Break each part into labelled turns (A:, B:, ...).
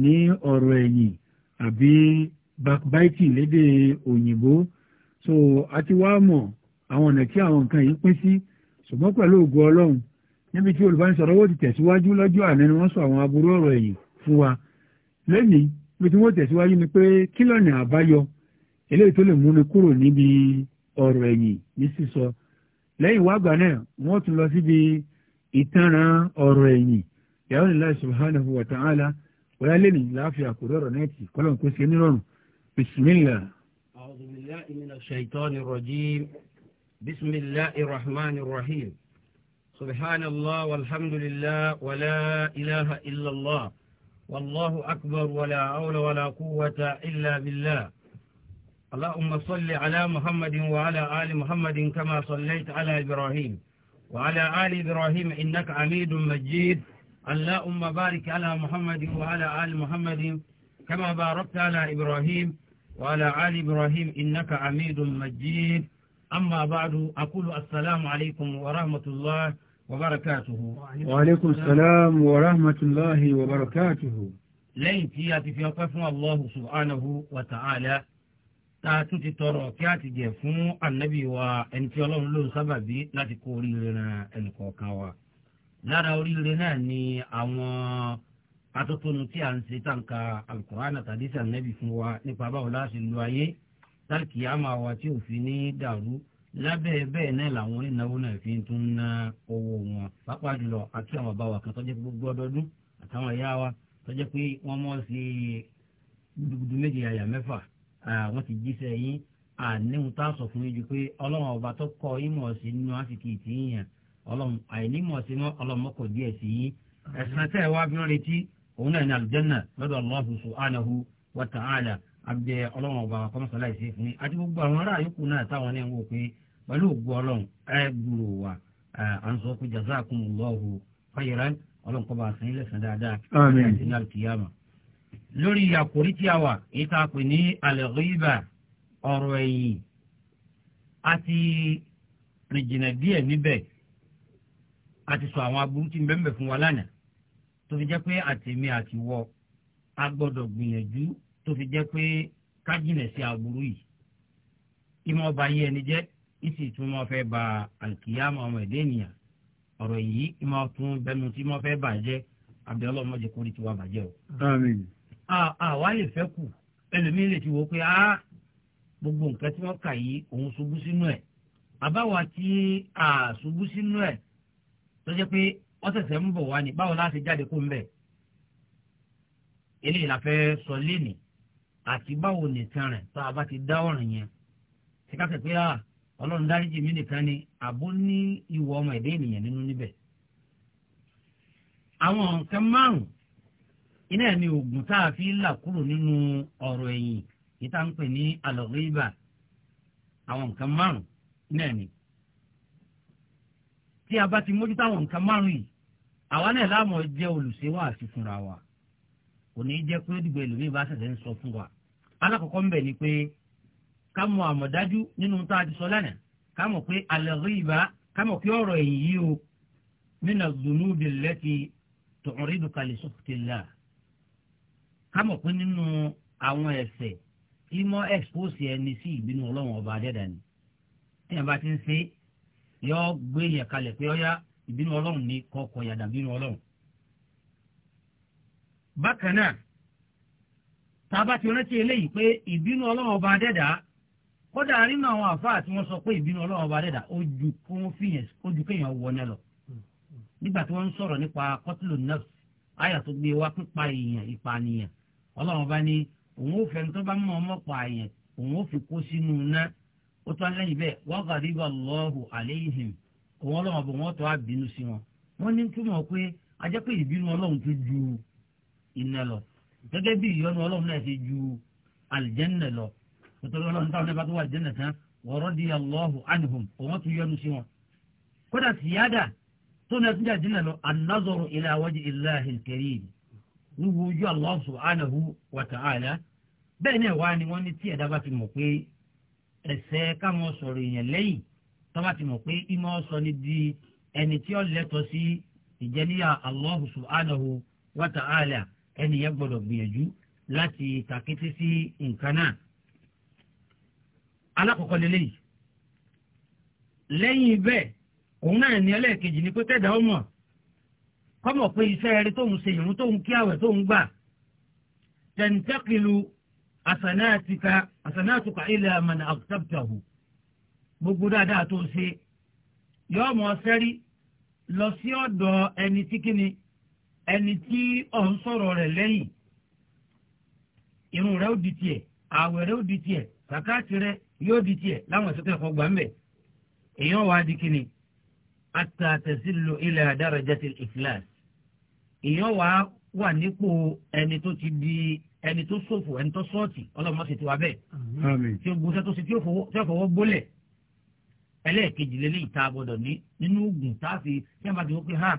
A: ní ọ̀rọ̀ ẹ̀yìn àbí backbiting lédè òyìnbó so a ti wá mọ̀ àwọn ọ̀nà tí àwọn nǹkan yìí pín sí ṣùgbọ́n pẹ̀lú ògo ọlọ́run níbi tí olùbánisọ̀rọ̀ ti tẹ̀síwájú lọ́jọ́ àná ni wọ́n sọ àwọn aburú ọ̀rọ̀ ẹ̀yìn fún wa lẹ́nìí bí tí wọ́n tẹ̀síwájú ni pé kí lọ́nà àbáyọ eléyìí tó lè múni kúrò níbi ọ̀rọ̀ ẹ̀yìn ní sísọ lẹ́yìn wá náà wọ́n tún lọ síbi ìtanràn ọ̀rọ̀ ẹ̀yìn yàrá ìlà subhanahu wa ta'ala bóyá lè ní láàfin àkórí ọ̀rọ̀ náà tì kọ́lọ̀ kó ṣe nírọ̀rùn bisimilá. a'udhu billahi
B: minash shaitani rajim bisimilahi rahman rahim subhanallah walhamdulillah wala ilaha illallah wallahu akbar wala awla wala quwwata illa billah. اللهم صل على محمد وعلى آل محمد كما صليت على إبراهيم وعلى آل إبراهيم إنك عميد مجيد اللهم بارك على محمد وعلى آل محمد كما باركت على إبراهيم وعلى آل إبراهيم إنك عميد مجيد أما بعد أقول السلام عليكم ورحمة الله وبركاته وعليكم السلام
A: ورحمة الله وبركاته
B: lẹ́yìn tí a ti fi ọpẹ́ fún allahu subhanahu wa ta'ala tá a tún ti tọrọ kí a ti jẹ lára oríire náà ni àwọn atótónu tí a ń ṣe tànká alukur'an àtàdé sànẹ́bì fún wa nípa báwo láti lo ayé tálkì àmà wa tí òfin ní dàrú lábẹ́ bẹ́ẹ̀ náà làwọn onínáwó náà fi tún ń ná owó wọn pápá jùlọ àti àwọn bàbá wa kan tọ́jú gbogbo ọdọọdún àtàwọn ìyá wa tọ́jú pé wọ́n mọ̀ sí gudugudu méje àyà mẹ́fà wọ́n ti jíṣẹ́ yín àníhun tá a sọ fún yín ju pé ọlọ́run ọba tó kọ ìmọ̀ sí nínú àsìkò ìtìyàn ọlọ́run àìnímọ̀ sí mọ́ ọlọ́run mọ́kò díẹ̀ sí yín ẹ̀sán tẹ́ ẹ wá bí wọ́n retí òun náà ní àlùjànnà lọ́dọ̀ Allah subhanahu wa ta'ala abdẹ ọlọ́run ọba kọ́mọ́sálá ìṣe fún mi àti gbogbo àwọn ará yòókù náà táwọn náà ń pé pẹ̀lú ògbó ọlọ́run ẹ gbúrò wa à ń sọ pé jazakumullahu khairan ọlọ́run kọ́ bá a sẹ́yìn lẹ́sàn dáadáa àti ní alùkìyàmà. lórí àkòrí tí a wà èyí tá a pè ní al ọ̀rọ̀ ẹ̀yìn àti rìjìnà díẹ̀ níbẹ̀ a ti sọ àwọn aburú tí ń bẹ ń bẹ fún wa lánàá tó fi jẹ́ pé àtẹ̀mí àti wọ a gbọ́dọ̀ gbìyànjú tó fi jẹ́ pé ká sí aburú yìí ìmọ̀ ọba yìí ẹni jẹ́ ìsì tún mọ́ fẹ́ ba àlùkìyàmọ̀ ọmọ ẹ̀dẹ́ ènìyàn ọ̀rọ̀ yìí ìmọ̀ tún bẹnu tí mọ́ fẹ́ bàjẹ́ abiola ọmọdé kò ní tiwa bàjẹ́ o. àmín. àwa lè fẹ́ kù ẹlòmíín lè ti wò pé a gbogbo nǹkan tí wọ́n kà yìí òun ṣubú sínú ẹ̀ àbáwa tí a ṣubú sínú ẹ̀ tó jẹ́ pé wọ́n ṣẹ̀ṣẹ̀ ń bọ̀ wá ní báwo láti jáde kó ń bẹ̀ eléyìí la fẹ́ sọ lénìí àti báwo nìkan rẹ̀ tá a bá ti dá ọ̀ràn yẹn ṣé pé a ah, ọlọ́run dáríjì mí nìkan ni àbó ní ìwọ ọmọ ẹ̀dá ènìyàn nínú níbẹ̀ àwọn nǹkan márùn iná ẹ̀ ni oògùn tá a fi là kúrò nínú ọ̀rọ̀ ẹ̀yìn yìí tá ń pè ní alọ́ríbà àwọn nǹkan márùn iná ẹ̀ ni tí a bá ti mójú táwọn nǹkan márùn yìí àwa náà láàmú jẹ́ olùṣèwà àti fúnra wa kò ní í jẹ́ pé dìgbò ẹlòmíì bá ṣẹ̀ṣẹ̀ ń sọ fún wa alákọ̀ọ́kọ́ ń bẹ̀ ni pé ká mọ àmọ̀dájú nínú tá a ti sọ lánàá ká mọ̀ pé al-ghiba ká mọ̀ pé ọ̀rọ̀ ẹ̀yìn yìí o min az-zunubi allati tu'riduka li sukhtillah ká mọ̀ pé nínú àwọn ẹ̀ṣẹ̀ ìmọ̀ expose ẹni sí ìbínú ọlọ́run ọba adẹ́dàá ni tí a bá ti ń ṣe é yọ gbé yẹn kalẹ̀ pé ọyá ìbínú ọlọ́run ní kọ́kọ́ yàdà ìbínú ọlọ́run. bákan náà tá a bá eléyìí pé ìbínú ọlọ́run ọba dẹ́dà kódà nínú àwọn àfáà tí wọ́n sọ pé ìbínú ọlọ́run ọba dẹ́dà ojú kó fìyàn ojú kéèyàn wọ lọ. nígbà tí wọ́n ń sọ̀rọ̀ nípa ọba òun ò ó tún lẹ́yìn bẹ́ẹ̀ wọ́n gàdí bá lọ́ọ̀hù àléhìn òun ọlọ́run àbò wọn tó àbínú sí wọn wọ́n ní túmọ̀ pé ajẹ́ pé ìbínú ọlọ́run tó ju iná lọ gẹ́gẹ́ bí ìyọnu ọlọ́run náà ju àlìjẹ́nà lọ nítorí ọlọ́run táwọn ẹ̀bá tó wà àlìjẹ́nà tán di allahu anhum òun tó yọnu sí wọn. kódà síyáda tó náà tún lọ ilé ojú bẹ́ẹ̀ náà wá ni wọ́n ní bá mọ̀ ẹ̀ṣẹ̀ káwọn sọ̀rọ̀ èèyàn lẹ́yìn tọ́ba ti mọ̀ pé ìmọ̀ sọ ni di ẹni tí ó lẹ́tọ̀ọ́ sí ìjẹníyà Allahu subhanahu wa ta'ala ẹni yẹn gbọ́dọ̀ gbìyànjú láti tàkété sí nǹkan náà. alákọ̀ọ́kọ́ lélẹ́yìí lẹ́yìn bẹ́ẹ̀ òun náà ní ẹlẹ́ẹ̀kejì ni pé tẹ̀dá ọmọ kọ́mọ̀ pé iṣẹ́ rẹ tóun ṣe ìrún tóun kí àwẹ̀ tóun gbà tẹ̀ǹtẹ́kìlù asanatika asanatuka ila man aghtabtahu gbogbo dáadáa tó ṣe yóò mọ sẹ́rí lọ sí ọ̀dọ̀ ẹni tí kíni ẹni tí ọ̀ ń sọ̀rọ̀ rẹ̀ lẹ́yìn irun rẹ̀ ó di tiẹ̀ ààwẹ̀ rẹ̀ ó di tiẹ̀ sàkáàtì rẹ̀ yóò di tiẹ̀ láwọn ìsìnkú ẹ̀kọ́ gbà ń bẹ̀ èèyàn wá di kíni àtàtẹ̀sílò ila darajati al-ikhlas èèyàn wá wà nípò ẹni tó ti di ẹni tó ṣòfò ẹni tó sọ́ọ̀tì ọlọ́run má ṣètò abẹ́ tí o gbọ́sẹ̀ tó ṣe tí o fọwọ́ gbólẹ̀ ẹlẹ́ẹ̀kejì lélẹ́ ìta gbọ́dọ̀ ní nínú oògùn tá a fi tí a bá ti wọ́n pé hàn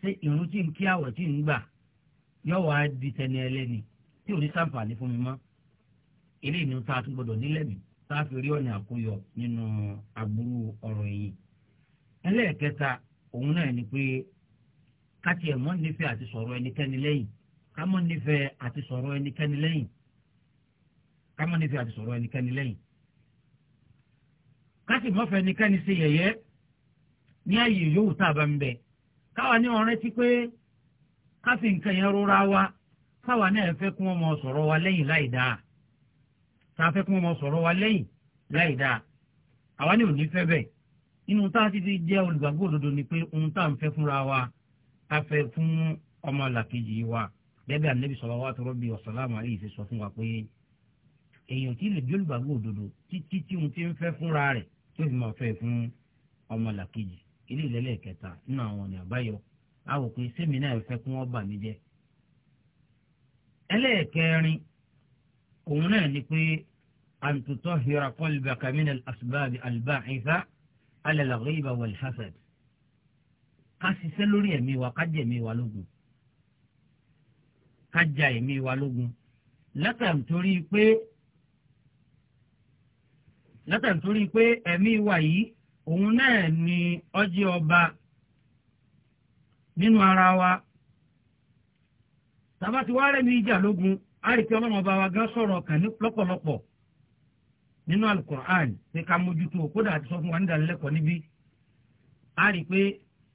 B: ṣé ìrún tí ń kí àwẹ̀ tí ń gbà yóò wá di tẹni ẹlẹ́ni tí o ní sàǹfààní fún mi mọ́ eléyìí ni tá a tún gbọ́dọ̀ nílẹ̀ mi tá a fi rí ọ̀nà àkóyọ nínú aburú ọ̀rọ̀ yìí ẹlẹ́ẹ̀kẹta òun náà ni pé káti ẹ̀mọ́ nífẹ̀ẹ́ àti sọ̀rọ̀ ẹnikẹ́ni lẹ́yìn kámọ́nifẹ́ àti sọ̀rọ̀ ẹnikẹ́ni lẹ́yìn kámọ́nifẹ́ àti sọ̀rọ̀ ẹnikẹ́ni lẹ́yìn kásìmọ́fẹ́ ẹnikẹ́ni ṣe yẹ̀yẹ́ ní ààyè yòówù tá a bá ń bẹ káwa ní ọ̀rẹ́ ti pé káfí nǹkan yẹn rọra wa káwa náà ẹ fẹ́ kí wọ́n mọ wa lẹ́yìn láì dáa tá a fẹ́ kí wọ́n mọ wa lẹ́yìn láì dáa àwa ní òní fẹ́ bẹ́ẹ̀ inú tá a ti ti jẹ́ olùgbàgbọ́ òdodo ni pé ohun tá à ń fẹ́ fúnra wa a fẹ́ fún ọmọ làkejì wa gẹ́gẹ́ bí anabi salawatu rabbi wa salamu alayhi ṣe sọ fún wa pé èèyàn tí lè jólùbàgbò òdodo títí tí òun ti ń fẹ́ fúnra rẹ̀ tó fi máa fẹ́ fún ọmọlàkejì ilé ìlẹ́lẹ̀ kẹta nínú àwọn ọ̀nà àbáyọ àwò pé sẹ́mi náà fẹ́ kún wọ́n bà mí jẹ́. ẹlẹ́ẹ̀kẹrin òun náà ni pé an tutahhira qalbaka min al-asbab al-ba'itha ala al-ghiba wal-hasad lórí ẹ̀mí wa ká wa lógun ká ja ẹ̀mí wa lógun látàn torí pé látàn torí pé ẹ̀mí wa yìí òun náà ni ọjọ́ ọba nínú ara wa tàbá ti wá rẹ̀ ìjà lógun a ọlọ́run ọba wa gan sọ̀rọ̀ kan lọ́pọ̀lọpọ̀ nínú alukur'an pé ká mójútó kódà àti sọ fún wa ní ìdánilẹ́kọ̀ọ́ níbí a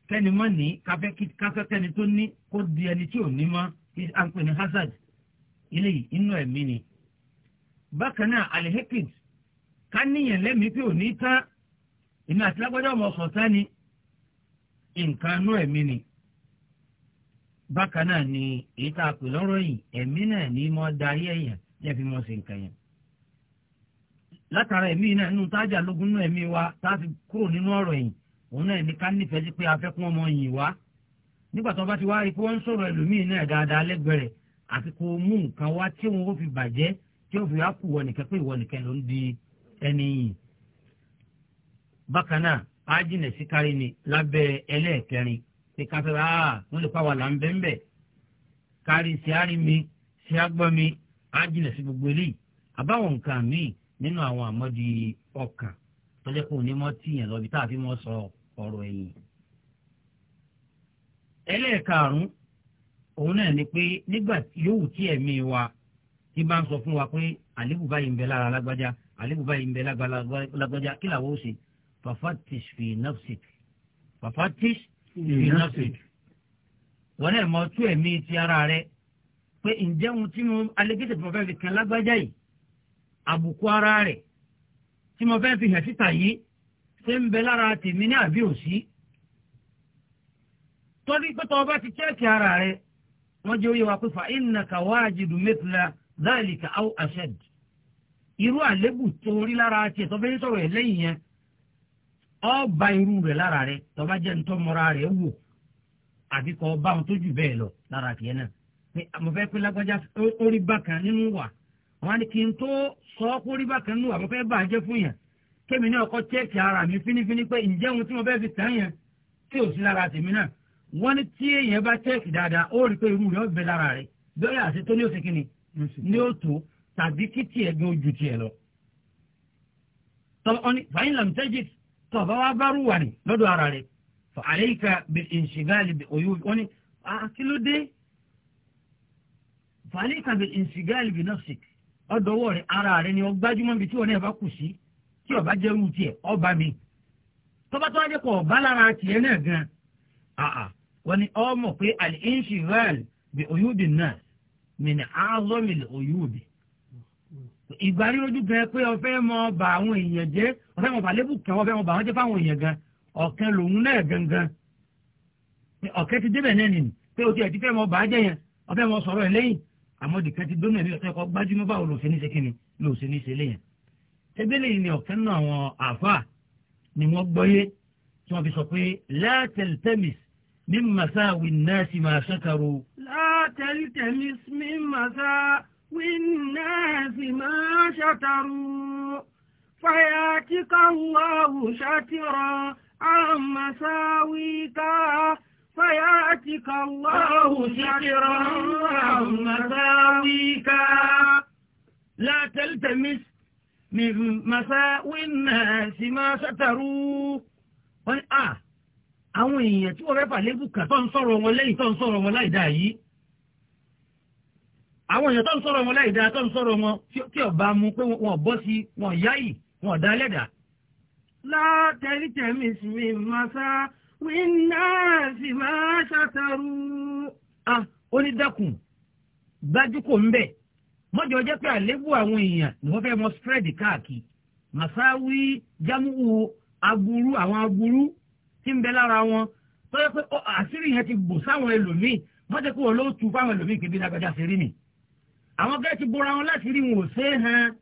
B: kẹ́ni mọ́ ní káfẹ́ kẹ́ni tó ní kó di ẹni tí ò ní mọ́ à ń pè hazard eléyìí inú ẹ̀mí ni bákan náà alihekid ká níyàn lẹ́mìí pé òní tán èmi àti ọmọ ni nǹkan inú ẹ̀mí ni bákan náà ni èyí tá a pè lọ́rọ̀ yìí ẹ̀mí náà ni mo darí ẹ̀yàn ya mo ṣe nǹkan yẹn látara ẹ̀mí náà nínú tájà lógún náà ẹ̀mí wa tá a fi kúrò nínú ọ̀rọ̀ yìí òun náà ní ká nífẹ̀ẹ́ sí pé ọmọ yìí wá nígbà tó bá ti wá rí pé wọ́n ń sọ̀rọ̀ ẹlòmíì náà dáadáa lẹ́gbẹ̀ẹ́ rẹ̀ àti kò mú nǹkan wá tí wọn ó fi bàjẹ́ tí ó fi wá kú wọnìkan pé ìwọnìkan ló ń di ẹni yìí. bákan náà á jìnà sí kárí ni lábẹ́ ẹlẹ́ẹ̀kẹrin pé káfẹ́ bá a wọ́n lè pa wà là ń kárí sí àárín mi sí àgbọ̀n mi á jìnà sí gbogbo eléyìí àbáwọn nǹkan míì nínú àwọn àmọ́dí ọkàn tọ́jọ́ pé òní mọ́ tíyàn lọ tá a fi mọ́ sọ ọ̀rọ̀ ẹ̀yìn. ẹlẹ́ẹ̀karùn-ún òun náà ni pé nígbà yòówù tí ẹ̀mí wa ti bá ń sọ fún wa pé àlébù báyìí ń bẹ lára lágbájá àlébù báyìí ń bẹ lágbájá kí làwọn ó ṣe fi fi wọn ti ara rẹ pé ǹjẹ́ ohun tí mo alẹ́gẹ́sẹ̀ tí fẹ́ fi kan lágbájá yìí àbùkù ara rẹ̀ tí mo fẹ́ fi hẹ̀ síta yìí ṣé ń bẹ lára tọdị pé tọ́ ọba ti chẹ́ẹ̀kì ara rẹ wọ́n jẹ́ oyè wa pé fa innaka wajidu mithla dhalika aw ashad irú àlébù tó rí lára tiẹ̀ tọ́ bẹ́ẹ̀ sọ̀rọ̀ ẹ̀ lẹ́yìn yẹn ọba irú rẹ̀ lára rẹ tọ́ba jẹ́ ntọ́mọ́ra rẹ̀ wò àbí kọ́ ọba tó jù bẹ́ẹ̀ lọ lára tiẹ̀ náà pé fẹ́ pé lágbájá orí bákan nínú wà kí n tó sọ ọ́ kórí bákan nínú wà mo fẹ́ ara mi fínífíní pé ǹjẹ́ tí mo fẹ́ fi tán yẹn lára wọ́n ní tí èèyàn bá tẹ́ẹ̀kì dáadáa ó rí pé irú rẹ̀ ó bẹ lára rẹ̀ lórí àti tó ní ó ṣe kí ni ní ó tó tàbí kí tiẹ̀ gbé ojú tiẹ̀ lọ. tọ́wọ́n ní fàyín làmùtẹ́jì tọ́ bá wá bá rúwà ní lọ́dọ̀ ara rẹ̀ fọ àlẹ́yìká bí ìṣìgáàlì bí òyò wọ́n ní àkílódé fọ àlẹ́yìká bí ìṣìgáàlì bí nọ́ọ̀sìk ọ̀dọ̀wọ́ rẹ̀ ara rẹ̀ ni ó gbájúmọ́ bí tí wọ́n náà bá kù sí tí ó wọ́n ní ọmọ pé al-inshighal bi uyubi an-nas min a'zami al-uyubi ìgbà rírojú gan pé ọfẹ́ mọ bà àwọn èèyàn jẹ́ ọfẹ́ mọ bà lébù kan mọ bà wọ́n jẹ́ fáwọn èèyàn gan ọ̀kan lòun náà gangan ọ̀kẹ́ ti débẹ̀ náà nìyí pé o ti ẹ̀ ti fẹ́ mọ bà á yẹn ọfẹ́ mọ sọ̀rọ̀ ẹ̀ lẹ́yìn àmọ́ dìkan ti dóná ẹ̀mí ọ̀sẹ̀ kọ́ gbájúmọ́ báwo lòsẹ̀ ní ní sẹ́lẹ̀ yẹn tẹ́bẹ́lẹ̀ ni ọ̀kẹ́ náà àwọn àfà من مساوي الناس ما شكروا
C: لا تلتمس من مساوي الناس ما شكروا فياتك الله شكرا عن مساويك فياتك الله شكرا عن مساويك لا تلتمس من مساوي
B: الناس ما شكروا آه àwọn èèyàn tí wọ́n fẹ́ fà lébù kà tó ń sọ̀rọ̀ wọn lẹ́yìn tó ń sọ̀rọ̀ wọn láì dáa yìí àwọn èèyàn tó ń sọ̀rọ̀ wọn láì dáa tó ń sọ̀rọ̀ wọn tí ọba mu pé wọn bọ́ sí wọn yáyì wọn dá lẹ́dà.
C: látẹ̀rí tẹ̀mí sí mi máa sá wíńdà sì
B: máa ṣàtàrú. a ó ní dákun gbájú kò ń bẹ̀ mọ́jọ jẹ́ pé àlébù àwọn èèyàn ni wọ́n fẹ́ mọ spread káàkiri màsáwí jámúwò aburú àwọn aburú tí ń bẹ lára wọn tó yẹ pé àṣírí yẹn ti bò sáwọn ẹlòmíì wọ́n ti kó wọn ló tu fáwọn ẹlòmíì kébí lágbàjá ṣe rí ni. àwọn kẹ́ ti bora wọn láti rí wọn ò ṣe é han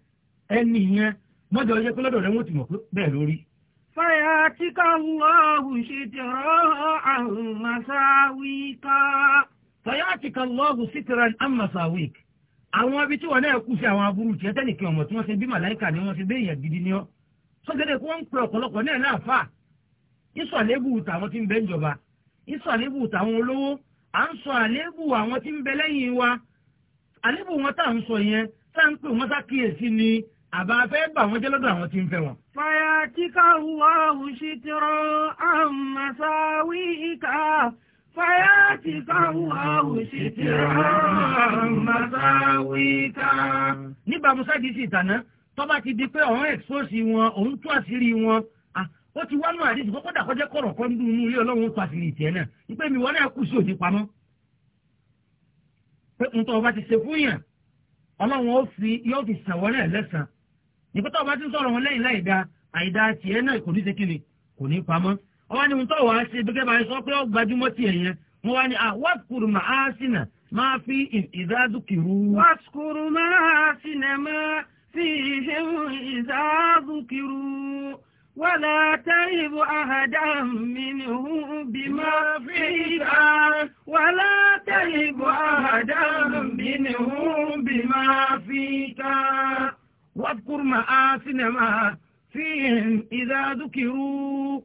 B: ẹni yẹn mọ́jọ yẹ pé lọ́dọ̀ rẹ wọ́n ti mọ̀
A: bẹ́ẹ̀ lórí.
C: fàyà tí ká lọ́ọ̀hùn ṣe ti rọ́ àrùn
B: màsáwíkà. àwọn ibi tí wọn náà kú sí àwọn aburú tiẹ tẹnìkan ọmọ tí wọn ṣe bí màláìka ni wọn ṣe bí èèyàn ni ọ sọgẹdẹ kí wọn ń pe ọ̀pọ̀lọpọ̀ náà náà fà ìsọ àlébù tàwọn tí ń bẹ níjọba ìsọ àlébù tàwọn olówó à ń sọ àlébù àwọn tí ń bẹ lẹ́yìn wa àlébù wọn tá ń sọ yẹn tá ń pè wọ́n sákìyèsí ni àbá fẹ́ bà wọ́n jẹ́ lọ́dọ̀ àwọn tí ń fẹ́ wọn.
C: fàyà kíkà wàhùn sí tìrọ àmàṣàwí ìkà fàyà kíkà wàhùn sí tìrọ àmàṣàwí ìkà.
B: níbàámu sáà di sí ìtànà tọ́ba ti di pé ọ̀hún ẹ̀kspọ́sì wọn òun tú àṣírí wọn ó ti wá nù àdìsí kó kódà ọkọ kọ̀rọ̀ kan dùn inú ilé ọlọ́run pàṣírí náà wípé mi wọ́n náà kù sí òní pamọ́ pé nǹkan ọba ti ṣe fún yàn ọlọ́run fi yóò fi sàn wọ́n náà lẹ́sàn ọba ti ń sọ̀rọ̀ wọn lẹ́yìn láìda àìda tiẹ̀ náà kò ní ni kò ní pamọ́ nǹkan sọ pé ó gbajúmọ́ yẹn wọ́n
C: wá ولا تهب أحدا منهم بما فيك ولا تهب أحدا منهم بما فيك واذكر مآسن ما
B: فيهم إذا ذكروا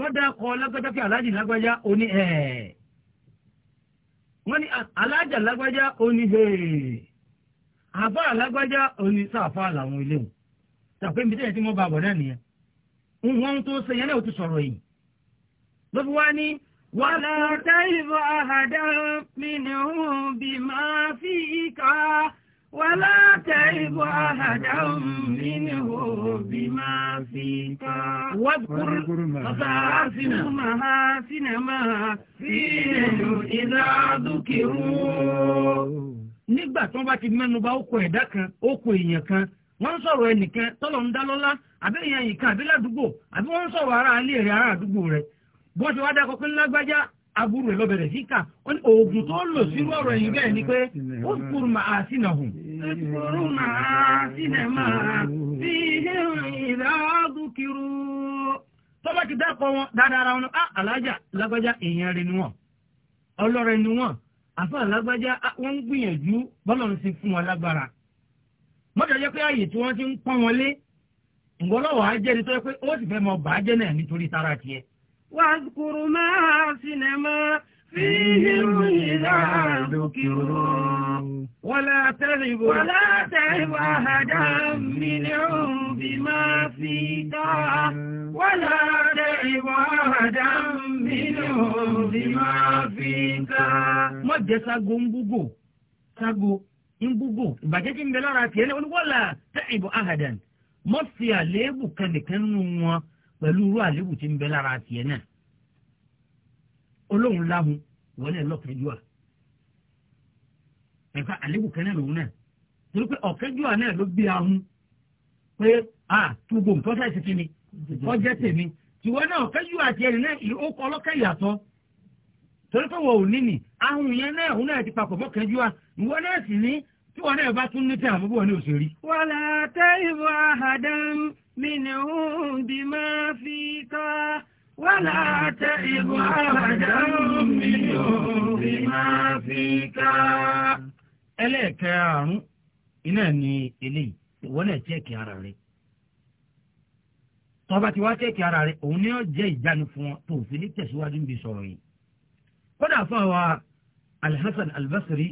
B: wọ́n dá kọ́ lágbájá pé aláàjì lágbájá oní ẹ̀ wọ́n ní aláàjà lágbájá oní ẹ̀ àbá lágbájá oní sáfà làwọn ilé wọn tàbí ibi tẹ́yẹ tí wọ́n bá bọ̀ náà nìyẹn nǹkan tó ṣe yẹn náà ti sọ̀rọ̀ yìí ló fi wá ní. wàlá
C: táìbọ̀ àhàdá mìíràn bí fi ìka wàlá táìbọ̀ àhàdá mìíràn bí ma fi ìka. wàkúrú ọ̀sà àfihàn máa sinimá
B: sí ìlú ìlà dúkìrú. nígbà tí wọ́n bá ti mẹ́nu bà ó kọ ẹ̀dá kan ó kọ àbí èèyàn yìí kan àbí ládùúgbò àbí wọ́n ń sọ̀rọ̀ ara ilé rẹ̀ ara àdúgbò rẹ̀ bó ti wá dákọ̀ pé ńlágbájá aburú rẹ̀ lọ́bẹ̀rẹ̀ sí kà ó ní oògùn tó lò sírú ọ̀rọ̀ yìí bẹ́ẹ̀ ni pé ó kúrú màá sínà
C: hù. kúrú màá sínà máa fi ìdáàdúkìrú.
B: tọ́ba ti dákọ̀ wọn dáadáa ara wọn á ah, alájà lágbájá èèyàn rẹ̀ ni wọ́n ọlọ́rẹ̀ ni wọ́n àfa lágbájá ah, wọ́n ń gbìyànjú bọ́lọ̀ ń sin fún wọn lágbára. mọ́tò jẹ́ pé ààyè tí wọ́n ti ń pọ́n wọn lé ngọlọwọ ajẹni tó yẹ pé ó sì fẹ́ mọ bàájẹ́ náà nítorí tara tiẹ̀. wàá kúrú máa sinimá
C: fíhìm ìlà dùkìrù. wàlá tẹ̀lifù. wàlá tẹ̀lifù àhàdà mílíọ̀nù bímá fi dá. wàlá tẹ̀lifù àhàdà mílíọ̀nù bímá fi dá. mọ̀
B: jẹ́ sago ń sago ń ìbàjẹ́ tí ń bẹ lọ́ra tiẹ̀ ní wọ́n wọ́n là tẹ̀lifù àhàdà mọ́ fi àléébù kan nìkan nínú wọn pẹ̀lú irú àléébù tí ń bẹ lára tiẹ̀ náà olóhùn láhùn wọlé lọ́kẹ́jọ́ à ẹ̀ka àléébù kan náà lòun náà torí pé ọ̀kẹ́jọ́ à náà ló gbé ahun pé a túbọ̀ nǹkan sáà ti kíni ọjọ́ tèmi tìwọ́ náà ọ̀kẹ́jọ́ àti ẹ̀rìn náà ó kọ́ ọlọ́kẹ́ yàtọ̀ torí pé wọ́n ò ní nì ahun yẹn náà òun náà ti papọ̀ mọ́kẹ́jọ́ à ìwọ náà sì ní tí wọn náà bá tún ní tí àmúbọ̀ ní òṣèré.
C: wàlá tẹ́ ìbò àhàdán mi ni òun bí máa fi kọ́. wàlá tẹ́ ìbò àhàdán mi ni òun bí máa fi kọ́.
B: ẹlẹ́ẹ̀kẹ́rùn-ún iná ni eléyìí ìwọ náà chẹ́ẹ̀kì ara rẹ̀ tọba ti wá chẹ́ẹ̀kì ara rẹ̀ òun ni ó jẹ́ ìjánu fún wọn tó fi ní tẹ̀síwájú níbi sọ̀rọ̀ yìí. kódà fún àwa alhassan albasri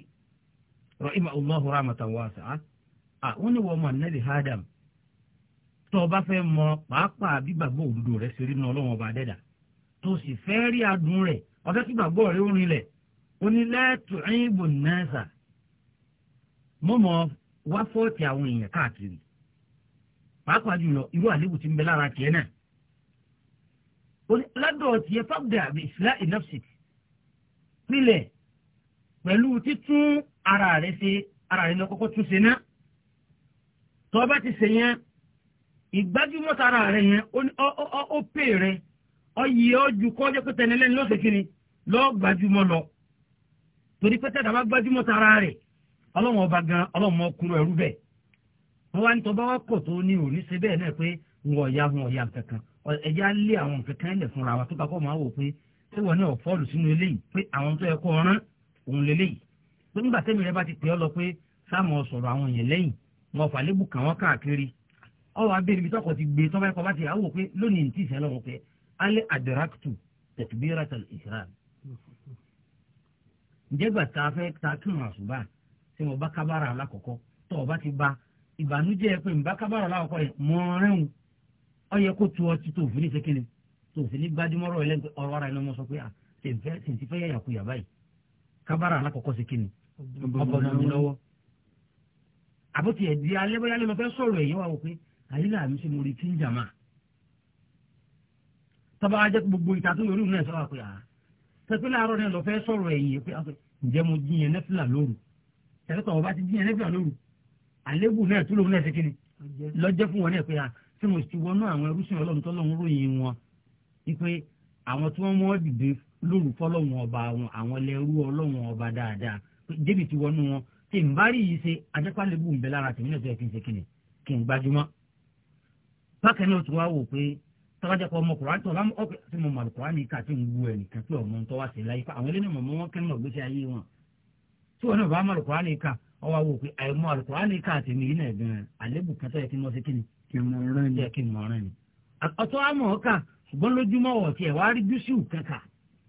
B: rahima allahu rahmatan wasi'a àwọn ní wọ́n mọ̀ nẹ́bí adam tó o bá fẹ́ mọ pàápàá bí òdodo rẹ ṣe rí nínú ọba dẹ́dà tó o sì fẹ́ rí adùn rẹ̀ ọ̀fẹ́ kí gbàgbọ́ rẹ ó rinlẹ̀ ó ní lẹ́ẹ̀tù ẹ̀yìnbó nẹ́ẹ̀sà mọ́mọ́ wá fọ́ọ̀tì àwọn èèyàn káàkiri pàápàá jùlọ irú ti ń bẹ lára náà ní àbí ìnáfsì pẹ̀lú títún ara rẹ̀ ṣe ara rẹ̀ ní kókó tún ṣe ná tó bá ti ṣe yẹn ìgbájúmọ́ sára rẹ̀ yẹn ó pè rẹ̀ ọ yí ó ju kọ́jọ́ pé tẹnilẹ́ni lọ́sẹ̀ ni lọ́ọ́ gbájúmọ́ lọ torí pé bá gbájúmọ́ sára rẹ̀ ọba gan ọkùnrin ẹ̀rú bá wá ní òní ṣe bẹ́ẹ̀ náà pé ọ̀ya ọ̀ya kankan lé àwọn kankan àwọn tó òun lélẹ́yìí pé nígbà tẹ́mi rẹ bá ti pè ọ́ lọ pé sáàmù sọ̀rọ̀ àwọn èèyàn lẹ́yìn wọn fà lébù kàn wọ́n káàkiri ọwọ́ abẹ́rẹ́ ibi tọkọ̀ ti gbé tọ́ba ẹ̀kọ́ bá ti àwọ̀ pé lónìí ti ìṣẹ̀lẹ̀ wọn pé alẹ́ àdàràkìtù tẹ̀tùbíyàtà ìṣẹ̀ràn. ǹjẹ́ gbà tá a fẹ́ ta kírun àṣùbà tí mo bá kábàrà alákọ̀ọ́kọ́ tọ́ ọ bá ti ba ìbànújẹ́ pé ǹbá kábàrà alákọ̀ọ́kọ́ yẹn mọ́ rẹ́hùn ọ yẹ kó tu ọtí tó òfin ní sekele tó ní gbadimọ́rọ̀ ẹlẹ́gbẹ́ ọ̀rọ̀ ara ẹni ọmọ sọ pé à tẹ̀ǹfẹ́ tẹ̀ǹtì fẹ́ yàyà kuyà báyìí kábàrà alákọ̀ọ́kọ́ sí kíni
A: ọbọ̀nà mi lọ́wọ́
B: àbótí ẹ̀dí alẹ́ bóyá lè lọ fẹ́ sọ̀rọ̀ ẹ̀yẹ́ wa wò pé àyílà mi ṣe mo rí tí ń jàmá tọ́ba ajẹ́ gbogbo ìta tó yorù náà sọ́wọ́ pé àá tẹ́pẹ́ láàárọ̀ náà lọ fẹ́ sọ̀rọ̀ ẹ̀yìn pé ǹjẹ́ mo jiyàn nẹ́fìlà lóru tẹ́lẹ̀ tọ́wọ́ bá ti jiyàn nẹ́fìlà lóru àlébù náà tó lòun náà ṣe kíni lọ́jẹ́ fún wọn náà pé à tí mo ti wọnú àwọn ẹrúsìn ọlọ́run tó lọ́run ròyìn wọn wípé àwọn tí wọ́n mọ́ dìde lórúkọ ọlọ́run ọba wọn àwọn ẹlẹ́rú ọlọ́run ọba dáadáa débi ti wọnú wọn tí n bá rí yìí ṣe ajẹ́pálẹ́bù ń bẹ lára tèmi náà tó yẹ kí n ṣe kíni kí n gbajúmọ́. bákan náà tún wá wò pé tọ́lájàpọ̀ ọmọ kùrán tó lámú ọ̀pẹ tí mo màlù kùrán nìkan tí ń wu ẹnìkan tí ọmọ ń tọ́wá sí láyé pa àwọn eléyìí mọ̀mọ́ wọn kẹ́nu ọ̀gbẹ́sẹ̀ ayé wọn. tí wọn náà bá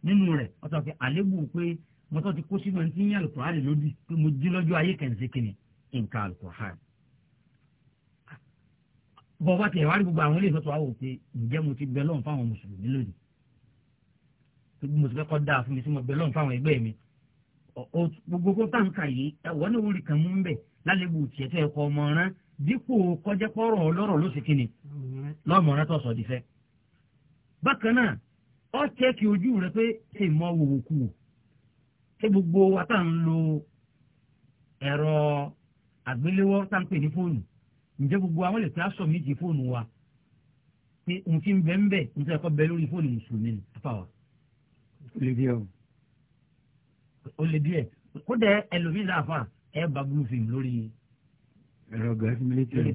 B: nínú rẹ̀ ọ̀tọ̀ kí àlébù pé mo tọ́ ti kó sínú ẹni tí ń yàn alukur'ani lódì pé mo jí lọ́jọ́ ayé kẹ̀ǹsẹ̀ kìnnì nǹkan alukur'ani. bọ́ọ̀bá tiẹ̀ wá rí gbogbo àwọn ilé ìfẹ́ tó wá wò pé ǹjẹ́ mo ti bẹ́lọ́n fáwọn mùsùlùmí lónìí mo ti fẹ́ kọ́ dáa fún mi sí mo bẹ́lọ́n fáwọn ẹgbẹ́ mi gbogbo kó tàǹkà yìí ẹ̀wọ́n ní orí kan mú ń bẹ̀ lálébù tiẹ̀ tó ẹ̀kọ́ ọmọ rán dípò kọjá pọ́rọ̀ ọlọ́rọ̀ ló sì tó sọ di bákan náà ọ tẹ́kì ojú rẹ pé ṣe mọ wòwò kù ṣé gbogbo wa tá ń lo ẹ̀rọ àgbéléwọ́ tá ń pè ní fóònù ǹjẹ́ gbogbo àwọn lè fi aṣọ méjì fóònù wa pé òun ti ń bẹ́ ń bẹ́ ń sọ ẹ̀kọ́ bẹ lórí fóònù mùsùlùmí ni apá wa. ó lè díẹ̀ ó lè díẹ̀ kódà ẹ bá blue film lórí ẹ̀rọ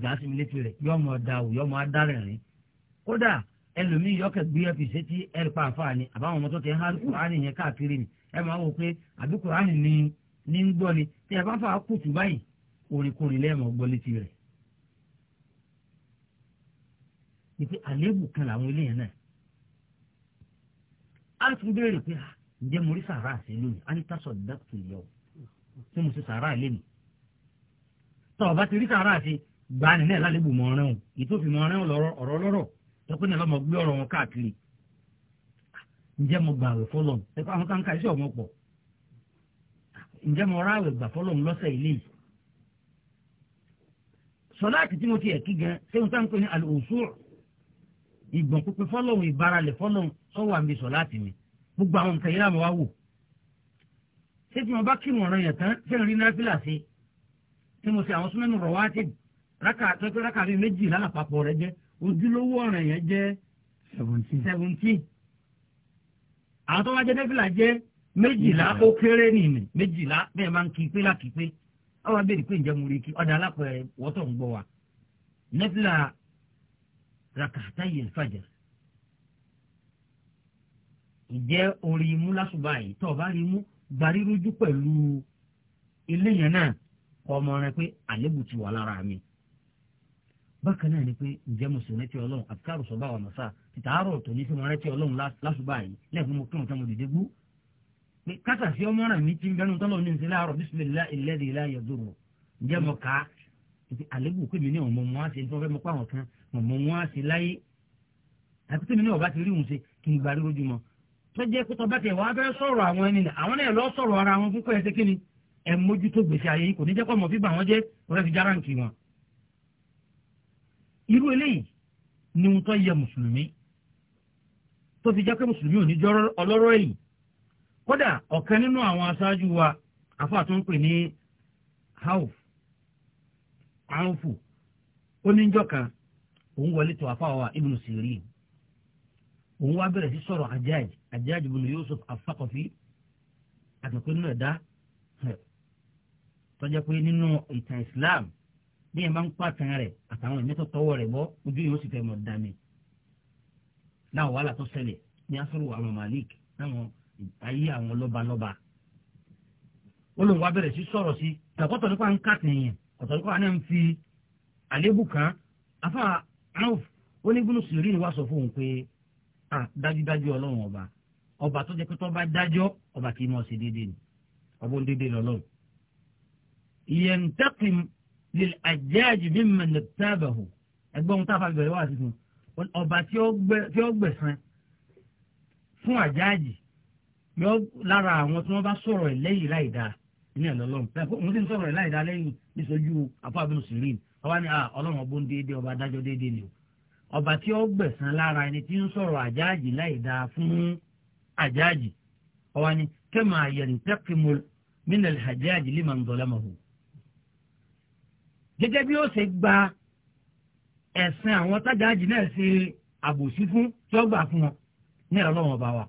B: gàásìmílétì rẹ̀ yọmọ dàwù yọmọ adárẹ̀rín kódà ẹlòmíì yọkẹ gbé ẹ fi sétí ẹ pa àǹfààní àbáwọn ọmọ tó ti hàn kùránì yẹn káàkiri ni ẹ máa wò pé àbí kùránì ni ní ń gbọ́ ni tí ẹ bá fà á kùtù báyìí orinkunrin lẹ́ẹ̀mọ́ gbọ́ létí rẹ̀. ìpè àléébù kan làwọn eléyàn náà a tún béèrè pé ǹjẹ́ mo rí sàrà àṣẹ lónìí a ní tásọ̀ dákùtù yẹ o tí mo ṣe sàrà àlẹ́ mi tọ́ ọba ti rí sàrà àṣẹ gbani náà tọkùnrin lọ́mọ gbé ọ̀rọ̀ wọn káàkiri ǹjẹ́ mo gbà àwẹ̀ fọlọ́ ẹ̀kọ́ àwọn kan ká iṣẹ́ ọ̀mọ pọ̀ ǹjẹ́ mo rá àwẹ̀ gbà fọlọ́ lọ́sẹ̀ ilé yìí sọláàtì tí mo ti ẹ̀kí gan ṣé n sáà ní al-usul ìgbọ̀n pípẹ́ fọlọ́hùn ìbáralẹ̀ fọlọ́hùn sọ́wọ́ àmì sọláàtì mi gbogbo àwọn nǹkan yìí làwọn wá wò ṣé tí mo bá kírun ọ̀ràn yẹn tán ṣé n rí náfìlà ṣe tí mo ṣe àwọn súnmẹ́nu rọ̀ wá ti rákà tó rákà mi méjì lálàpapọ̀ rẹ jẹ́ ojúlówó ọ̀ràn yẹn jẹ́ seventeen seventeen àwọn tó wá jẹ́ nẹ́fìlà jẹ́ méjìlá ó kéré nìyí méjìlá bẹ́ẹ̀ máa ń kí pé láti pé ọ wá béèrè pé ǹjẹ́ mo rí kí ọ̀dà alápẹ̀rẹ̀ wọ́tọ̀ ń gbọ́ wa nẹ́fìlà rakata yìí fàjà ìjẹ́ orí imú lásùbà yìí tó o bá rí imú gbarí rojú pẹ̀lú ilé yẹn náà kọ́ ọmọ rẹ pé àlébù wà lára mi bákan náà ni pé ǹjẹ́ mo sì rántí ọlọ́run àbíkárò sọ́ba wà mọ́sá tìtàárọ̀ tó ní sí mo rántí ọlọ́run lásùbà yìí lẹ́ẹ̀kan mo kírun tán mo dìde gbú. pé kásà sí ọmọ rẹ̀ mi ti ń bẹnu tọ́lọ̀ ní ìsinlẹ̀ àárọ̀ bismillahi alladhi la yadurru ǹjẹ́ mo kà á ìpè àlébù pé mi ní ọmọ wọn á nípa fẹ́ mo pa àwọn kan ọmọ wọn á ṣe láyé àti pé mi ní ọba ti rí òun ṣe kí n gbà rí ni ẹ mójútó gbèsè ayé yìí kò irú eléyìí ni ohun tó yẹ mùsùlùmí tó fi jẹ́ pé mùsùlùmí ò ní jọ ọlọ́rọ̀ ẹ̀yìn kódà ọ̀kan nínú àwọn aṣáájú wa àfáà tó ń pè ní hauf arúfù oníjọ́ kan òun wọlé tó àfáà wa ibùn sèré òun wá bẹ̀rẹ̀ sí sọ̀rọ̀ Hajjaj Hajjaj ibùn Yusuf afakọ̀fí àtẹ̀kọ́ nínú ẹ̀dá tọ́jà pé nínú ìtàn Islam bí ẹ máa ń pàtàn rẹ̀ àtàwọn ẹ̀mí tó tọwọ́ rẹ̀ bọ́ ojú yóò sì fẹ́ mọ̀ dání. láwọn wàhálà tó ṣẹlẹ̀ ní asúrù àwọn malik láwọn ayé àwọn lọ́balọ́ba. olùwà bẹ̀rẹ̀ sí sọ̀rọ̀ sí tàkọ́tọ̀ nípa ń kàtìyàn ọ̀tọ̀ nípa náà ń fi àlébù kan afa Auf onígbónú sírí ni wàá sọ fóun pé dájúdájú ọlọ́run ọba ọba tó jẹ́ pé tó bá dájọ́ ọba kì í mọ̀ sí déédéé ni ọba ó déédéé lọ́lọ́run. ìyẹn ń tẹ́kùn للحجاج ممن اتبعه ẹgbẹ́ ohun táfà bẹ̀rẹ̀ wá sí fún ọba tí ó gbẹ̀sán fún àjáàjì yọ lára àwọn tí wọ́n bá sọ̀rọ̀ ẹ̀ lẹ́yìn láìda ní ẹ̀lọ́lọ́run òun sì ń sọ̀rọ̀ ẹ̀ láìda lẹ́yìn níṣojú afábínú sirin ọba ní ọlọ́run ọbọ̀ ń déédéé ọba adájọ́ déédéé ni o ọba tí ó gbẹ̀sán lára ẹni tí ń sọ̀rọ̀ àjáàjì láìda fún àjáàjì ọba ní kẹ́mà gẹ́gẹ́ bí ó ṣe gba ẹ̀sìn àwọn tájáàjì náà ṣe àbòsí fún tí ó gbà fún wọn ní ìrànlọ́wọ́ ọba wa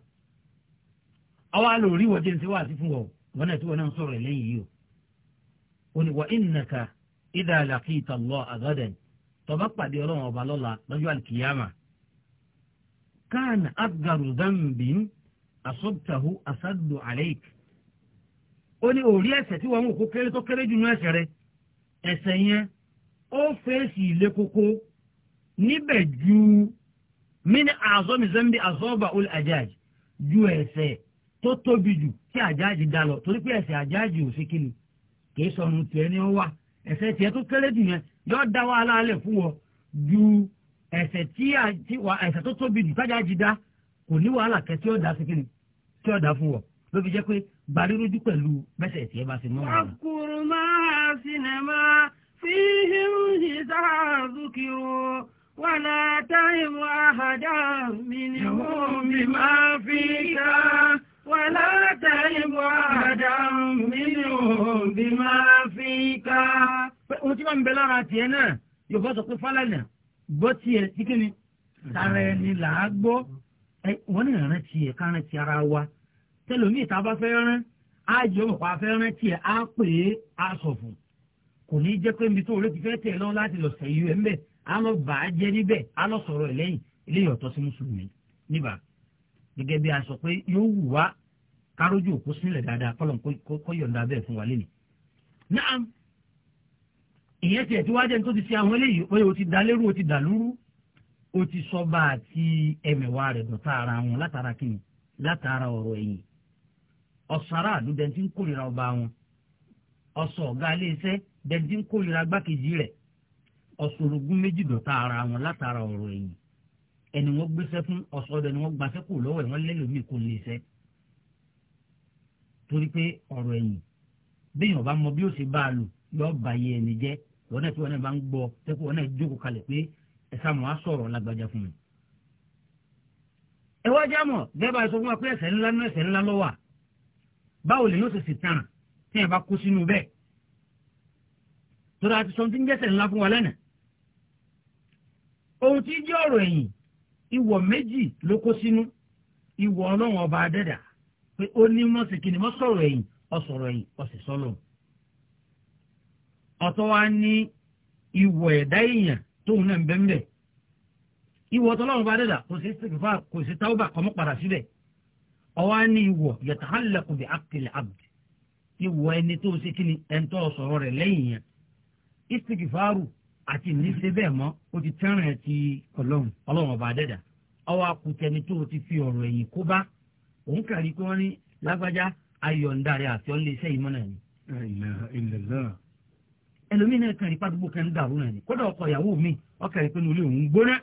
B: àwa lò rí wọ́n jẹ́ ṣe wá sí fún wọn wọn náà tí wọn náà ń sọ̀rọ̀ lẹ́yìn yìí o ò ní wọ́n ìnàkà ìdá làkìtà lọ àgọ́dẹ̀ tọba pàdé ọlọ́wọ́n ọba lọ́la lọ́jọ́ àlùkìyàmà káàna adgaru dambin asọ́btahu asadu aleik ó ní òrí ẹ̀ṣẹ̀ tí wọ́n ń wò kó kéré tó kéré jù ní ẹ̀ṣẹ̀ rẹ̀ ẹ̀ṣẹ̀ yẹn ó fèsì ilé kókó níbẹ̀ ju mini àzọ́mi zambi àzọ́ba olè àjáàjì ju ẹ̀ṣẹ̀ tó tóbi jù tí àjáàjì dá lọ torí pé ẹ̀ṣẹ̀ àjáàjì ò sí kíni kì í sọnù tiẹ̀ ni ó wà ẹ̀ṣẹ̀ tiẹ̀ tó kéré jù yẹn yóò dá wàhálà alẹ̀ fún wọ ju ẹ̀ṣẹ̀ tí ẹ̀ṣẹ̀ tó tóbi jù tájáàjì dá kò ní wàhálà kẹ́ tí ó dá sí kíni tí ó dá fún wọ ló fi pé gbàrí lójú pẹ̀lú bẹ́sẹ̀ tiẹ̀ bá ti mọ́ wọn.
C: محاسن ما فيهم إذا ذكروا ولا تهم أحدا منهم بما فيك ولا تهم أحدا منهم بما فيك
B: ohun tí wọ́n ń bẹ lára tiẹ̀ náà yóò bọ́ sọ pé fálànà gbọ́ tiẹ̀ tí ni tara ẹni là á gbọ́ wọ́n ní ìrántí ẹ̀ káràntí ara wa tẹlomi ìta bá fẹ́ rán ayé òmùpá afẹ́rẹ́ tiẹ̀ á pè é asọ̀fù kò ní jẹ́ pé nbí tó orí ti fẹ́ tẹ̀ lọ́wọ́ láti lọ sẹ̀ yú ẹ̀ ńbẹ̀ á lọ bà á jẹ́ níbẹ̀ á lọ sọ̀rọ̀ ẹ̀ lẹ́yìn eléyìí ọ̀tọ̀ sí mùsùlùmí níbà gẹ́gẹ́ bí a sọ pé yóò wù wá kárójú òkú sílẹ̀ dáadáa kọ́lọ̀ kó yọ̀ǹda bẹ́ẹ̀ fún wa lẹ́nu. náà ìyẹn tiẹ̀ tí wàá jẹ́ tó ti ṣe àwọn eléyìí pé ti da lérú ti ọ̀sán aráàlú dẹni tí ń kórìíra ọba wọn ọ̀sán ọ̀gá iléeṣẹ́ dẹni tí ń kórìíra gbákejì rẹ̀ ọ̀sán orogún méjì dọ̀tá ara wọn látara ọ̀rọ̀ ẹ̀yìn ẹni wọ́n gbéṣẹ́ fún ọ̀sán ọdẹ ni wọ́n gbaṣẹ́ kù lọ́wọ́ ẹ̀ wọ́n lé lómi kò lè ṣẹ́ torí pé ọ̀rọ̀ ẹ̀yìn bẹ́ẹ̀ ọba mọ bí ó ṣe bá a lò yọ ba yé ẹni jẹ́ wọn náà tí bá a sọ fún wa pé ẹ̀ṣẹ̀ ńlá ní ẹ̀ṣẹ̀ ńlá lọ́wọ́ báwo lè yóò ṣe sì tàn tí yẹn bá kó sínú bẹ́ẹ̀ tọ́lá àti sọ́ńtì ń jẹ́sẹ̀ ńlá fún wa lẹ́nà ohun tí jẹ́ ọ̀rọ̀ ẹ̀yìn ìwọ̀ méjì ló kó sínú ìwọ̀ ọlọ́run ọba adẹ́dà pé ó ní mọ́sìkìnnì mọ́ sọ̀rọ̀ ẹ̀yìn ọ̀sọ̀rọ̀ ẹ̀yìn ọ̀sẹ̀ sọ́lọ̀ ọ̀tọ̀ wa ní ìwọ̀ ẹ̀dá èèyàn tóun náà ń bẹ́ńbẹ́ ìwọ̀ ọ̀tọ̀ ọlọ́run ọba adẹ́dà kò sí tàwùbà kọ́mọ́ padà síbẹ̀ ọwọ́ á ní ìwọ̀ yatahallaqu bi haqqil abd ìwọ̀ ẹni tó ṣe kí ni ẹni sọ̀rọ̀ rẹ̀ lẹ́yìn yẹn àti níṣe bẹ́ẹ̀ mọ́ o ti tẹ́ràn ẹ̀ ti ọlọ́run ọlọ́run ọba àdẹ́dà ọwọ́ tó ti fi ọ̀rọ̀ ẹ̀yìn kó bá òun kàrí pé wọ́n ní lágbájá ayọ̀ǹda àti ọ̀lẹ́ iṣẹ́ náà ni. kàrí pàdúgbò náà ni kódà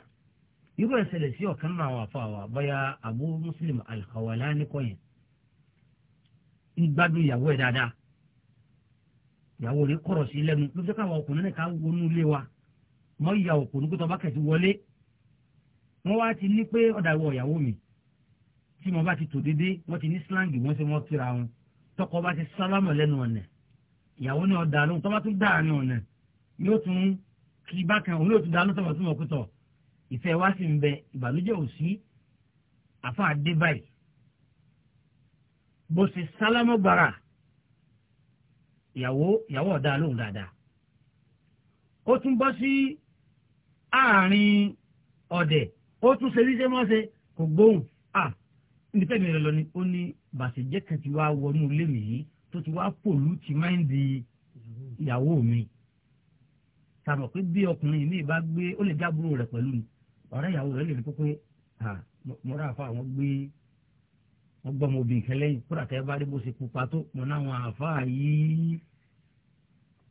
B: irú ẹ̀ ṣẹlẹ̀ sí ọ̀kan náà wà fún àwa bóyá Abu Muslim al-Khawalani kọ́yìn ń gbádùn ìyàwó ẹ̀ dáadáa ìyàwó rẹ̀ kọ̀rọ̀ sí lẹ́nu ló fẹ́ káwọn ọkùnrin náà ká wọnú ilé wa mọ ìyá ọkùnrin kótó bá kẹ̀sí wọlé wọ́n wá ti ní pé ọ̀dà wọ ìyàwó mi tí mo bá ti tò déédéé wọ́n ti ní slangi wọ́n ṣe wọ́n kíra wọn tọkọ bá ti sálámọ̀ lẹ́nu ọ̀nà ìyàwó náà dànù tọ́ bá tún dànù ọ̀nà yóò tún kí bákan òun yóò tún dànù tọ́ bá tún mọ̀ kútọ̀ ìfẹ́ wa sì ń bẹ ìbànújẹ́ ò sí àfa àdé báyìí bó ṣe sálámọ́ gbára ìyàwó ìyàwó ọ̀dà lóhùn dáadáa ó tún bọ́ sí àárín ọ̀dẹ̀ ó tún ṣe ríṣẹ́ mọ́ṣe kò gbóhùn à níbi tẹ́mi rẹ̀ lọ ni ó ní bàṣẹ̀jẹ́ kan ti wá wọnú ilé mi yìí tó ti wá pòlú ti máa ń di ìyàwó mi tàbí pé bí ọkùnrin mi bá gbé ó lè dábúrò rẹ̀ pẹ̀lú ni ọ̀rẹ́ ìyàwó rẹ̀ lè rí pé mo rà fún àwọn gbé wọ́n gbọ́ mo bìnkẹ́ lẹ́yìn kúrò àtẹ́ bá rí bó ṣe pupa tó mo náwọn àáfàá yìí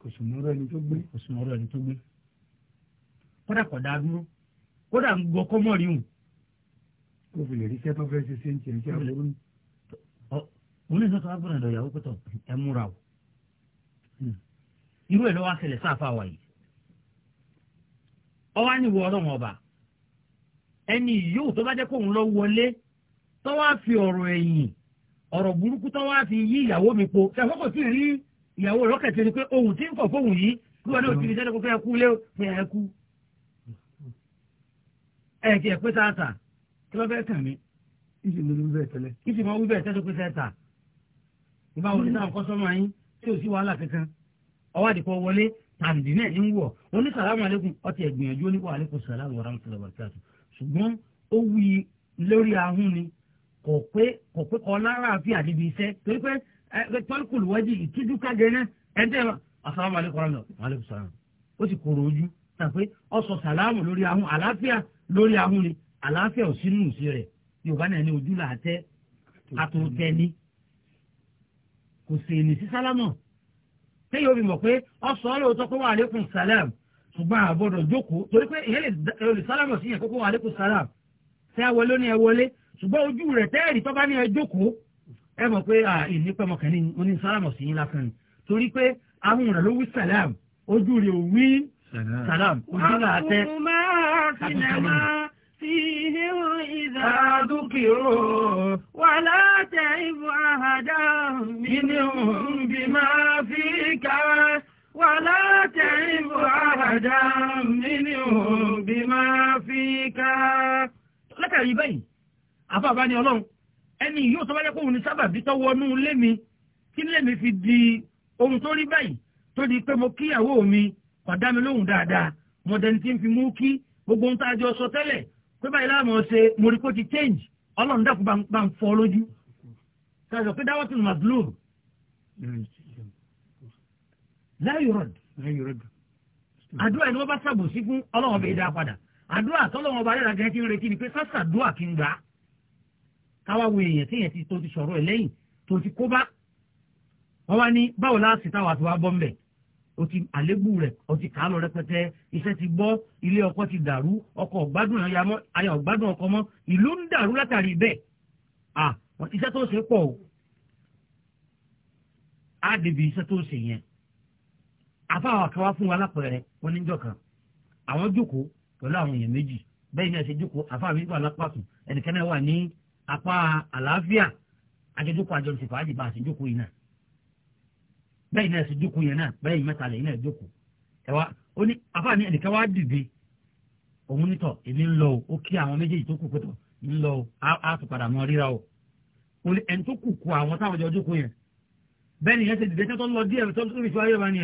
B: kò sùnmọ́rọ́ ẹni tó gbé kò sùnmọ́rọ́ ẹni tó gbé kódà kọ̀dá dúró kódà ń gbọ́ kọ́mọ́ rí hùn.
A: kó fi lè rí sẹ́tọ́ fẹ́ ṣe ṣe ń tiẹ̀ kí àwọn olórí. mo ní sọ́tọ̀ abúlé ìyàwó pẹ̀tọ̀ ẹ múra o
B: irú ẹ̀ lọ́wọ́ àṣẹlẹ̀ sáfà wà yìí ọwọ́ á ní wọ ọlọ́run ọba ẹni yóò tó bá jẹ́ kóun lọ wọlé tó fi ọ̀rọ̀ ẹ̀yìn ọ̀rọ̀ burúkú tó fi yí ìyàwó mi po ṣe àkókò tí rí ìyàwó rọ́kẹ̀tì ni pé ohun tí ń fọ̀ fóun yìí kí wọn ní òtí ìṣẹ́ni kó fẹ́ kú lé pé kú ẹ kì í kí wọ́n fẹ́ kàn mí.
A: mi ló ń bẹ̀ tẹ́lẹ̀.
B: ìṣì máa wí bẹ̀ tẹ́lẹ̀ pé sáàtà ìbáwo ní sáà kọ́sọ́mọ́ yín tí ò sí wàhálà kankan ṣùgbọ́n ó wí lórí ahọ́n ni kò pé kò pé kọ́ lára àfi àdìbí iṣẹ́ torí pé ẹ tọ́lùkùlù wájú ìtújú kájẹ náà ẹ ń tẹ́ asalamu alaykum wa alaykum salaam ó sì kóró ojú náà pé ọ sọ sàlámù lórí ahọ́n àlàáfíà lórí ahọ́n ni àlàáfíà ò sínú ìṣe rẹ̀ yorùbá náà ní ojú là tẹ́ àtòtẹ́ ni kò sì ní sí sálámù tẹ́yọ̀ bí mọ̀ pé ọ sọ ọ́ lóòótọ́ pé wà alaykum salaam ṣùgbọ́n àbọ̀dọ̀ jókòó torí pé ìyẹn lè sálámọ̀ sí yẹn kókó alẹ́kùn sálám tẹ́ ẹ wọlé ní ẹ wọlé ṣùgbọ́n ojú rẹ̀ tẹ́ẹ̀rì tọ́ bá ní ẹ jókòó ẹ mọ̀ pé ìní pẹ́ mọ̀kànnì mo sí yín lásán ni torí pé ahùn rẹ̀ ló wí sálám ojú rẹ̀ ò wí
C: sálám ojú rẹ̀ àtẹ فيهم إذا ذكروا ولا تعب أحدا منهم بما فيك ولا تعب أحدا منهم بما فيك látàrí báyìí àfààfà ni ọlọ́run ẹni yóò tó bá jẹ́ kóhun ní sábàbí tó wọnú lémi
B: kí lémi fi di ohun tó rí báyìí tó di pé mo kíyàwó mi pàdá mi lóhùn dáadáa mọ̀dẹ́ni tí ń fi mú kí gbogbo ohun tá a jọ sọ tẹ́lẹ̀ pé báyìí láàmú ọ̀sẹ̀ mo rí kó ti change ọlọ́run dàkú bá ń fọ́ lójú. sọ̀rọ̀ pé dáwọ́tì mazlum láyọ̀rọ̀d láyọ̀rọ̀d àdúrà ẹni wọ́n bá sàbòsí fún ọlọ́wọ́n bẹ̀ẹ́ dá padà àdúrà tọ́lọ́wọ́n ọba rẹ̀ gẹ́gẹ́ ti ń retí ni pé sásà dúà kí n gbà á káwá wo èèyàn tí èèyàn ti tó ti sọ̀rọ̀ ẹ̀ lẹ́yìn tó ti kó bá wọ́n wá ní báwo láàsì táwa ti wá bọ́ mbẹ̀ o ti àlébù rẹ̀ o ti kà á lọ rẹpẹtẹ iṣẹ́ ti gbọ́ ilé ọkọ ti dàrú ọkọ ọ̀gbádùn aya ọ̀gbádùn ọkọ mọ́ ìlú ń dàrú látàrí bẹ́ẹ̀ à iṣẹ́ tó ṣe pọ̀ o á débi iṣẹ́ tó ṣe yẹn àfáwọn àkàwá fún wa lápẹẹrẹ wọn níjọ kan àwọn jókòó pẹ̀lú àwọn èèyàn méjì bẹ́ẹ̀ ni ẹ ṣe jókòó àfáà mi wà lápá tù ẹnìkan náà wà ní apá àlàáfíà àjọjókòó àjọṣe fàájì bá a ṣe jókòó yìí náà bẹ́ẹ̀ ni ẹ ṣe jókòó yẹn náà bẹ́ẹ̀ mẹ́ta lẹ́yìn náà jókòó ẹ̀wá ó ní àfáà ní ẹnìkan wá dìde òun nítọ̀ èmi ń lọ o ó kí àwọn méjèèjì tó kù pẹ̀tọ̀ ń lọ o á tún padà mọ ríra o ẹni tó kù kù àwọn táwọn jọ jókòó yẹn bẹ́ẹ̀ni ẹ ṣe dìde tó lọ díẹ̀ tó rí fún ayélujára ni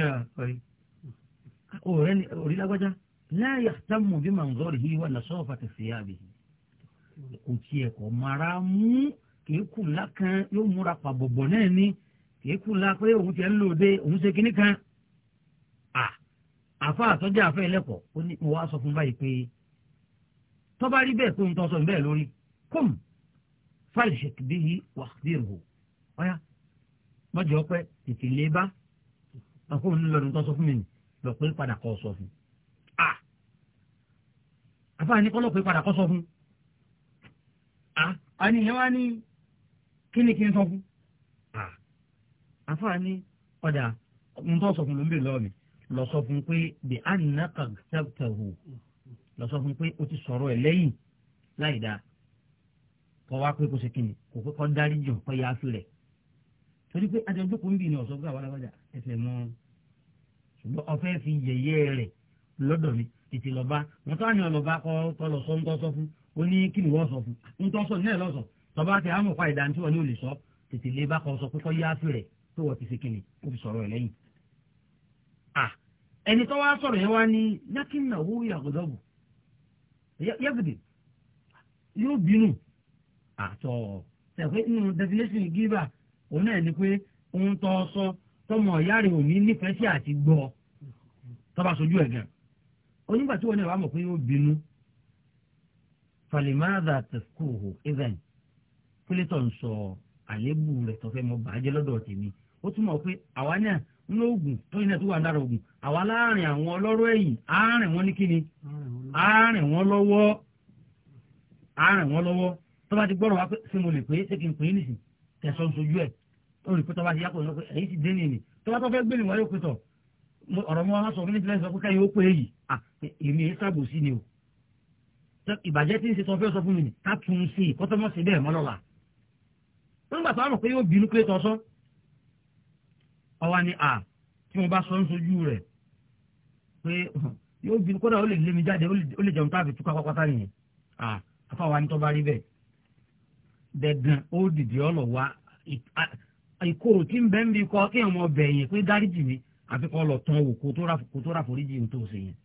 B: ọ̀rẹ́ orí lágbájá láàyè àtàmù bí màǹzọ́rì yìí wà lọ́sọ́ fàtẹ̀sí àbí kò tiẹ̀ kò mara mú kéékù lákan yóò múra pa bọ̀bọ̀ náà ni kéékù la pé òun tiẹ̀ ń lò dé òun ṣe kínní kan àfa àtọ́jà àfẹ́ ẹlẹ́kọ̀ọ́ ó ní mo wá sọ fún báyìí pé tọ́ba rí bẹ́ẹ̀ pé ń tọ́ sọ bẹ́ẹ̀ lórí kùm fàlìṣẹ̀kì bíi wàhálì mọ́jọ́ pé tètè lé bá ọkùnrin ní lọ́dún tó sọ fún mi nì lọ pé padà
A: kọ́ sọ fún a
B: àfààní kọ́ lọ pé padà kọ́ sọ fún a àníyàn wá ní kí ni kí n sọ fún a àfààní ọ̀dà ń tọ́ sọ fún ló ń bè lọ́ọ̀ mi lọ sọ fún pé bí a nà lọ sọ fún pé o ti sọ̀rọ̀ ẹ̀ lẹ́yìn láì dáa kọ́ wá pé kó ṣe kí ni kò pé kọ́ dárí jù kọ́ yáa fi rẹ̀ torí pé adéjókòó ń bì ní ọ̀sọ́ gbà wàlágbàjà ẹsẹ̀ mọ́ ṣùgbọ́n ọ̀fẹ́ fi yẹ̀yẹ́ rẹ̀ lọ́dọ̀ mi tètè lọ́ba wọn tó àyàn lọ́ba kọ́ lọ sọ ń tọ́ sọ fún ó ní kí ni wọ́n sọ fún ń tọ́ sọ nílẹ̀ lọ́sọ̀ tọ́ba ti àmọ̀ pa ìdáǹtí wọn ní olè sọ tètè lé bá kọ́ sọ pé kọ́ yá fi rẹ̀ tó wọ́n ti ṣe kìnnì ó fi sọ̀rọ̀ ẹ̀ lẹ́yìn. ẹni tó wá sọ̀rọ̀ yẹn wá ní lákìnnà owó yàgòdọ́bù yàgòdì yóò bínú àtọ̀ tẹ̀wé nínú definition gíba òun náà ni pé ohun tó sọ tọmọ ìyá rẹ ò sí àti gbọ́ tọba sojú ẹ̀ gan onígbà tí wọn náà wà mọ̀ pé yóò bínú falimada tẹ̀kùhù even kílítọ̀ ń sọ àléébù rẹ̀ tọ́fẹ́ mọ bàájẹ́ lọ́dọ̀ tèmi ó túmọ̀ pé àwa náà ń lo oògùn tóyin náà tó wà lára oògùn àwa láàrin àwọn ọlọ́rọ̀ ẹ̀yìn àárín wọn ní kíni àárín wọn lọ́wọ́ àárín wọn lọ́wọ́ tọ́ba ti gbọ́dọ̀ wá pé ṣé mo lè pé ṣé kí n pè é nìsín tẹ̀sán sojú ẹ̀ ó rí pé tọ́ba ti yá kó lọ pé èyí ti dé nìyí tọ́ba tó fẹ́ gbé ni wọ́n yóò pé tọ̀ ọ̀rọ̀ mọ́ wọn sọ fún nípìnlẹ̀ sọ pé káyọ̀ ó pé èyí à ah, èmi èyí sàbòsí ni o ìbàjẹ́ tí ń ṣe tọ́ fẹ́ sọ fún mi ni ká tún un sí i kọ́tọ́ mọ́ sí bẹ́ẹ̀ mọ́ lọ́la nígbà tó àmọ̀ pé yóò bínú pé tọ́ sọ ọwa ni à tí mo bá sọ ń sojú rẹ̀ pé yóò bínú kódà ó lè lé mi jáde ó lè jẹun táàbì túká pápátá nìyẹn à àfọwọ́ wa ni tọ́ bá rí bẹ́ẹ̀ bẹ́ẹ̀ ó dìde ọ ìkorò tí ń bẹ ń bi kọ́ kí ọmọ bẹ̀yìn pé dáríjì mi àfi kọ́ lọ tán wò kó tó ráforíjì ń tó ṣe yẹn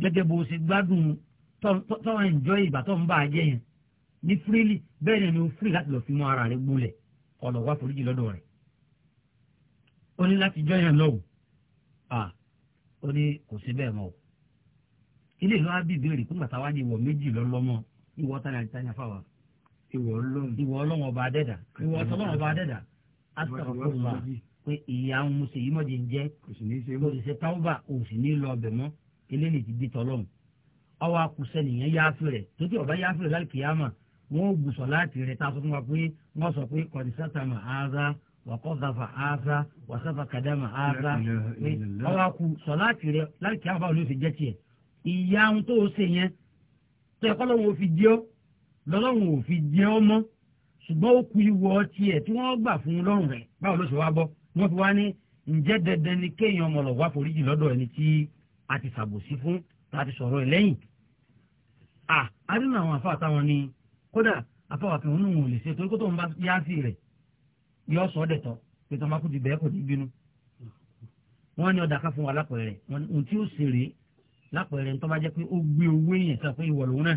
B: gẹ́gẹ́ bó ṣe gbádùn tọ́ ẹ̀ǹjọ́ ìgbà tó ń bá a jẹ́ yẹn ní fúrélì bẹ́ẹ̀ ni o fúrélì láti lọ́ọ́ fi mú ara rẹ̀ gbólẹ̀ kọ́ lọ wá foríjì lọ́dọ̀ rẹ̀ ó ní láti jọ́ yẹn lọ́wọ́ à ó ní kò sí bẹ́ẹ̀ mọ́ o ilé ìlú á bí ìbéèrè fún gbàtà wá ìwọ méjì lọ́lọ́mọ ìwọ tani àti tani afáwa ìwọ ọlọ́run ọba adẹ́dà ìwọ ọlọ́run asàkùnfà pé ìyá ń mu sèyí mọ̀jẹ̀ ń jẹ́ kò sì ṣe táwùbà kò sì ní lọ ọbẹ̀ mọ́ eléyìí ti di tọ́lọ́hún ọwọ́ akùsẹ́ nìyẹn yááfì rẹ̀ tó tí ọba yááfì rẹ̀ lálùkìyàmà wọn ò gbùsọ̀ láti rẹ̀ tá a sọ fún wa pé wọ́n sọ pé kọ̀dísátàmà áza wàkọ́dàfà áza wàsáfà kàdàmà áza ọwọ́ akùsọ̀ láti rẹ̀ lálùkìyàmà báwo ló fi jẹ́ tiẹ̀ ìyá ń tó o ṣe yẹn tẹ́kọ́ lọ́wọ́ ṣùgbọ́n ó ku ìwọ tiẹ̀ tí wọ́n gbà fún un lọ́rùn rẹ̀ báwo ló ṣe wá bọ́ wọ́n fi wá ní ǹjẹ́ dandan ni kéèyàn ọmọ lọ wá foríjì lọ́dọ̀ ẹni tí a ti ṣàbòsí fún tá a ti sọ̀rọ̀ ẹ̀ lẹ́yìn. à á dínà àwọn àfa àtàwọn ni kódà àfa àtàwọn nù wọn ò ṣe torí kó tó ń bá yá sí rẹ̀ yọ sọ ọ́ dẹ̀tọ̀ pé tó máa kú ti bẹ́ẹ̀ kò ní bínú. wọ́n ní ọ̀dà ká fún wa lápẹ̀rẹ̀ ohun tí ó ṣèrè lápẹ̀rẹ̀ ń tọ́ bá jẹ́ pé ó gbé owó èèyàn sọ pé ìwọ̀ náà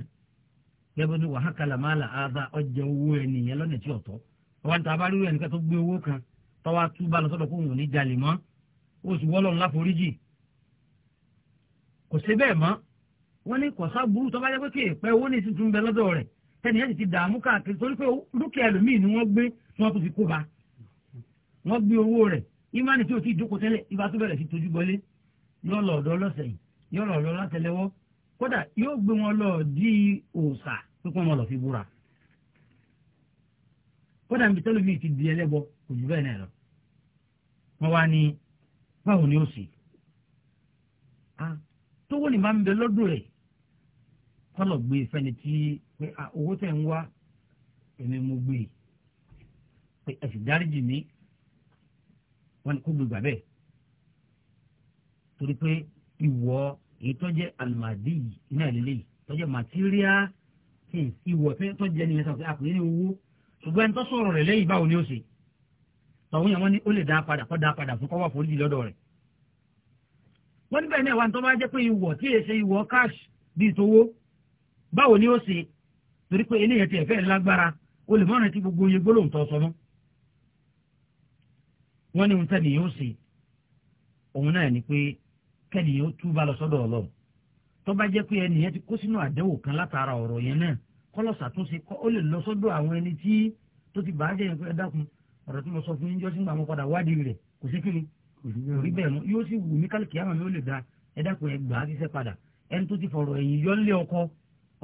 B: gẹ́gẹ́ bí wàhákàlà máa là áza ọjà owó ẹnìyẹn lọ́nà tí ọ̀tọ̀ ọba níta bá rírọ ẹnìkan tó gbé owó kan tọ́wá tú bá lọ sọ́dọ̀ kó wọn ò ní jalè mọ́ ó sì wọ́lọ́ ńlá foríjì kò sí bẹ́ẹ̀ mọ́ wọ́n ní kọ̀sá burú tọ́ba jẹ́ pé kí èèpẹ́ owó ní ìsìn tún bẹ lọ́dọ̀ rẹ̀ tẹ́ni ẹ̀ ti dààmú káàkiri torí pé dúkìá ẹlòmíì ni wọ́n gbé wọ́n tó fi kó ba wọ́n gbé owó rẹ̀ ìmánì tí o ti tẹ́lẹ̀ ibà tó bẹ̀rẹ̀ bọlé yọ̀ọ̀lọ̀ ọ̀dọ́ lọ́sẹ̀ yọ̀ọ̀lọ̀ ọ̀dọ́ látẹlẹwọ́ kódà yóò gbé wọn lọ di òòṣà pípọ́ wọn lọ fi búra kódà níbi tẹ́lifí ti di ẹlẹ́bọ kò jù bẹ́ẹ̀ náà lọ wọ́n wá ní báwo ni ó sì tówó ni máa ń bẹ lọ́dún rẹ̀ kọ́lọ̀ gbé fẹ́ni tí pé owó tẹ̀ ń wá èmi mo gbé pé ẹ̀sìn dáríjì mi wọ́n kó gbé bẹ́ẹ̀ torí pé ìwọ èyí tó jẹ́ alimadi yìí iná ìlélẹ́ yìí tó jẹ́ material things ìwọ̀ tó jẹ́ ní ìlẹ́sàkùn àpò yẹn ní owó ṣùgbọ́n ẹni tó sọ̀rọ̀ rẹ̀ lẹ́yìn báwo ni ó ṣe tọ̀hún yẹn wọ́n ní ó lè dá padà kọ́ dá padà fún kọ́wọ́ fòlì lọ́dọ̀ rẹ̀ wọ́n níbẹ̀ ní àwọn tó bá jẹ́ pé ìwọ̀ tí èyí ṣe ìwọ̀ cash bíi tówó báwo ni ó ṣe torí pé eléyẹn ti ẹ̀fẹ́ lágbára o lè mọ́rin tí gbogbo oye gbólóhùn tó sọ mọ́ wọ́n ní ohun tẹ́lẹ̀ yóò ṣe òun náà ni pé kẹ́nìyàn ó ba lọ sọ́dọ̀ ọlọ́run tó bá jẹ́ pé ẹnìyẹn ti kó sínú àdéhùn kan látara ọ̀rọ̀ yẹn náà kọ́lọ́sà tún ṣe kọ́ ó lè lọ sọ́dọ̀ àwọn ẹni tí tó ti bàá jẹ́ ẹ dákun ọ̀rọ̀ tí mo sọ fún yín jọ́sí ń gbà padà wádìí rẹ̀ kò sí kíni kò bẹ́ẹ̀ mọ́ yóò sì wù mí kálíkì àmọ́ mi ó lè da ẹ dákun ẹ gbà á ṣiṣẹ́ padà ẹni tó ti fọ̀rọ̀ ẹ̀yìn yọ́nlé ọkọ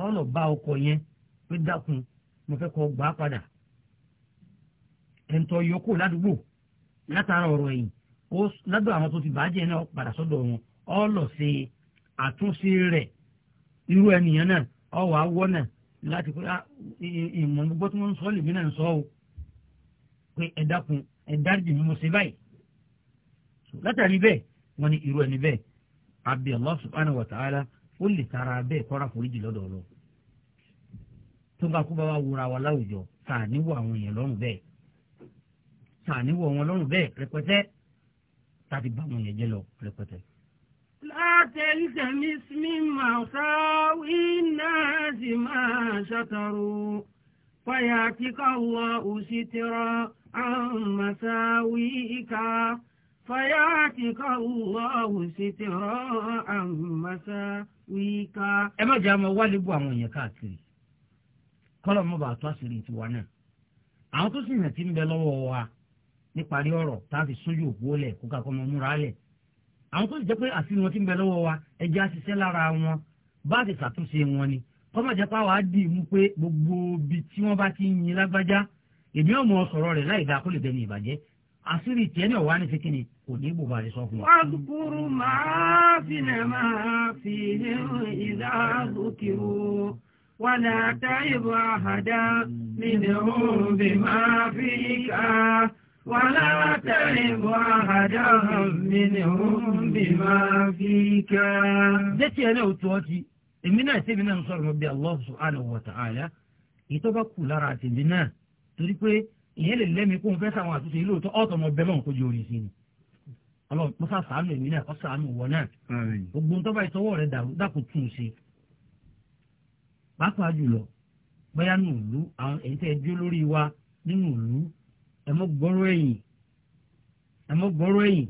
B: ọ̀nà bá ọkọ yẹn pé dákun mo fẹ́ kọ́ gbà á padà ẹ̀ńtọ́ yọkó ládùúgbò látara ọ̀rọ̀ ẹ̀yìn ó ládùn àwọn tó ti bàá náà padà sọ́dọ̀ wọn ọ lọ ṣe àtúnṣe rẹ̀ irú ẹnìyàn náà ọ wàá wọ́ náà láti pé ah, ìmọ̀ gbogbo tí wọ́n ń sọ lèmi náà ń sọ o pé ẹ dákun ẹ dáríjì mi mo ṣe báyìí látàrí bẹ́ẹ̀ wọ́n ní irú ẹni bẹ́ẹ̀ àbí Allah subhanahu wa ta'ala ó lè tara bẹ́ẹ̀ kọ́ra foríjì lọ́dọ̀ ọ̀rọ̀ tó bá kú bá wa wúra wa láwùjọ sàníwò àwọn èèyàn lọ́rùn bẹ́ẹ̀ sàníwò wọn lọ́rùn bẹ́ẹ̀ rẹpẹtẹ tàbí bá wọn yẹn jẹ lọ rẹpẹtẹ.
C: láti تلتمس من مساوي الناس ما شكروا فياتك الله سترا عن مساويك فياتك الله سترا
B: عن مساويك ẹ má jẹ́ àmọ́ wálé bu àwọn èèyàn káàkiri kọ́lọ̀ mọ́ bàá tó àṣírí tiwa náà àwọn wa níparí ọ̀rọ̀ tá àwọn tó ti jẹ́ pé àfihàn wọn ti ń bẹ lọ́wọ́ wa ẹja ṣiṣẹ́ lára wọn bá ti ṣàtúnṣe wọn ni kọ́mọ̀ jẹ́ pàwọ́ á dì mú pé gbogbo ibi tí wọ́n bá ti ń yin lágbájá èmi ọmọ sọ̀rọ̀ rẹ̀ láì dáa kó lè dẹni ìbàjẹ́ àṣírí tiẹ̀ ní ọ̀wá ní sikini kò ní gbogbo àrẹ sọ fún wa. wàkúrú máa fi lè
C: máa fi lè ìlà àbúkìrú wàlá táyìbù àhàdá mi lè máa fi ká. ولا تعب
B: أحدهم منهم بما èmi náà ṣe èmi náà ń sọ̀rọ̀ bí Allah subhanahu wa ta'ala bá kù lára tèmi náà torí pé ìyẹn lè lẹ́mi kó n fẹ́ sàwọn àtúnṣe ilé òótọ́ ọ̀tọ̀ ọmọ bẹ́ẹ̀ kó sí ni ọlọ́run kó sàánù èmi náà kó sàánù wọ náà gbogbo ń tọ́ba ìtọ́wọ́ rẹ̀ dàrú tún un ṣe jùlọ nù ìlú àwọn èyí tẹ́ ẹ dúró lórí wa nínú ẹmọ gbọ́rọ̀ ẹ̀yìn ẹmọ gbọ́rọ̀ ẹ̀yìn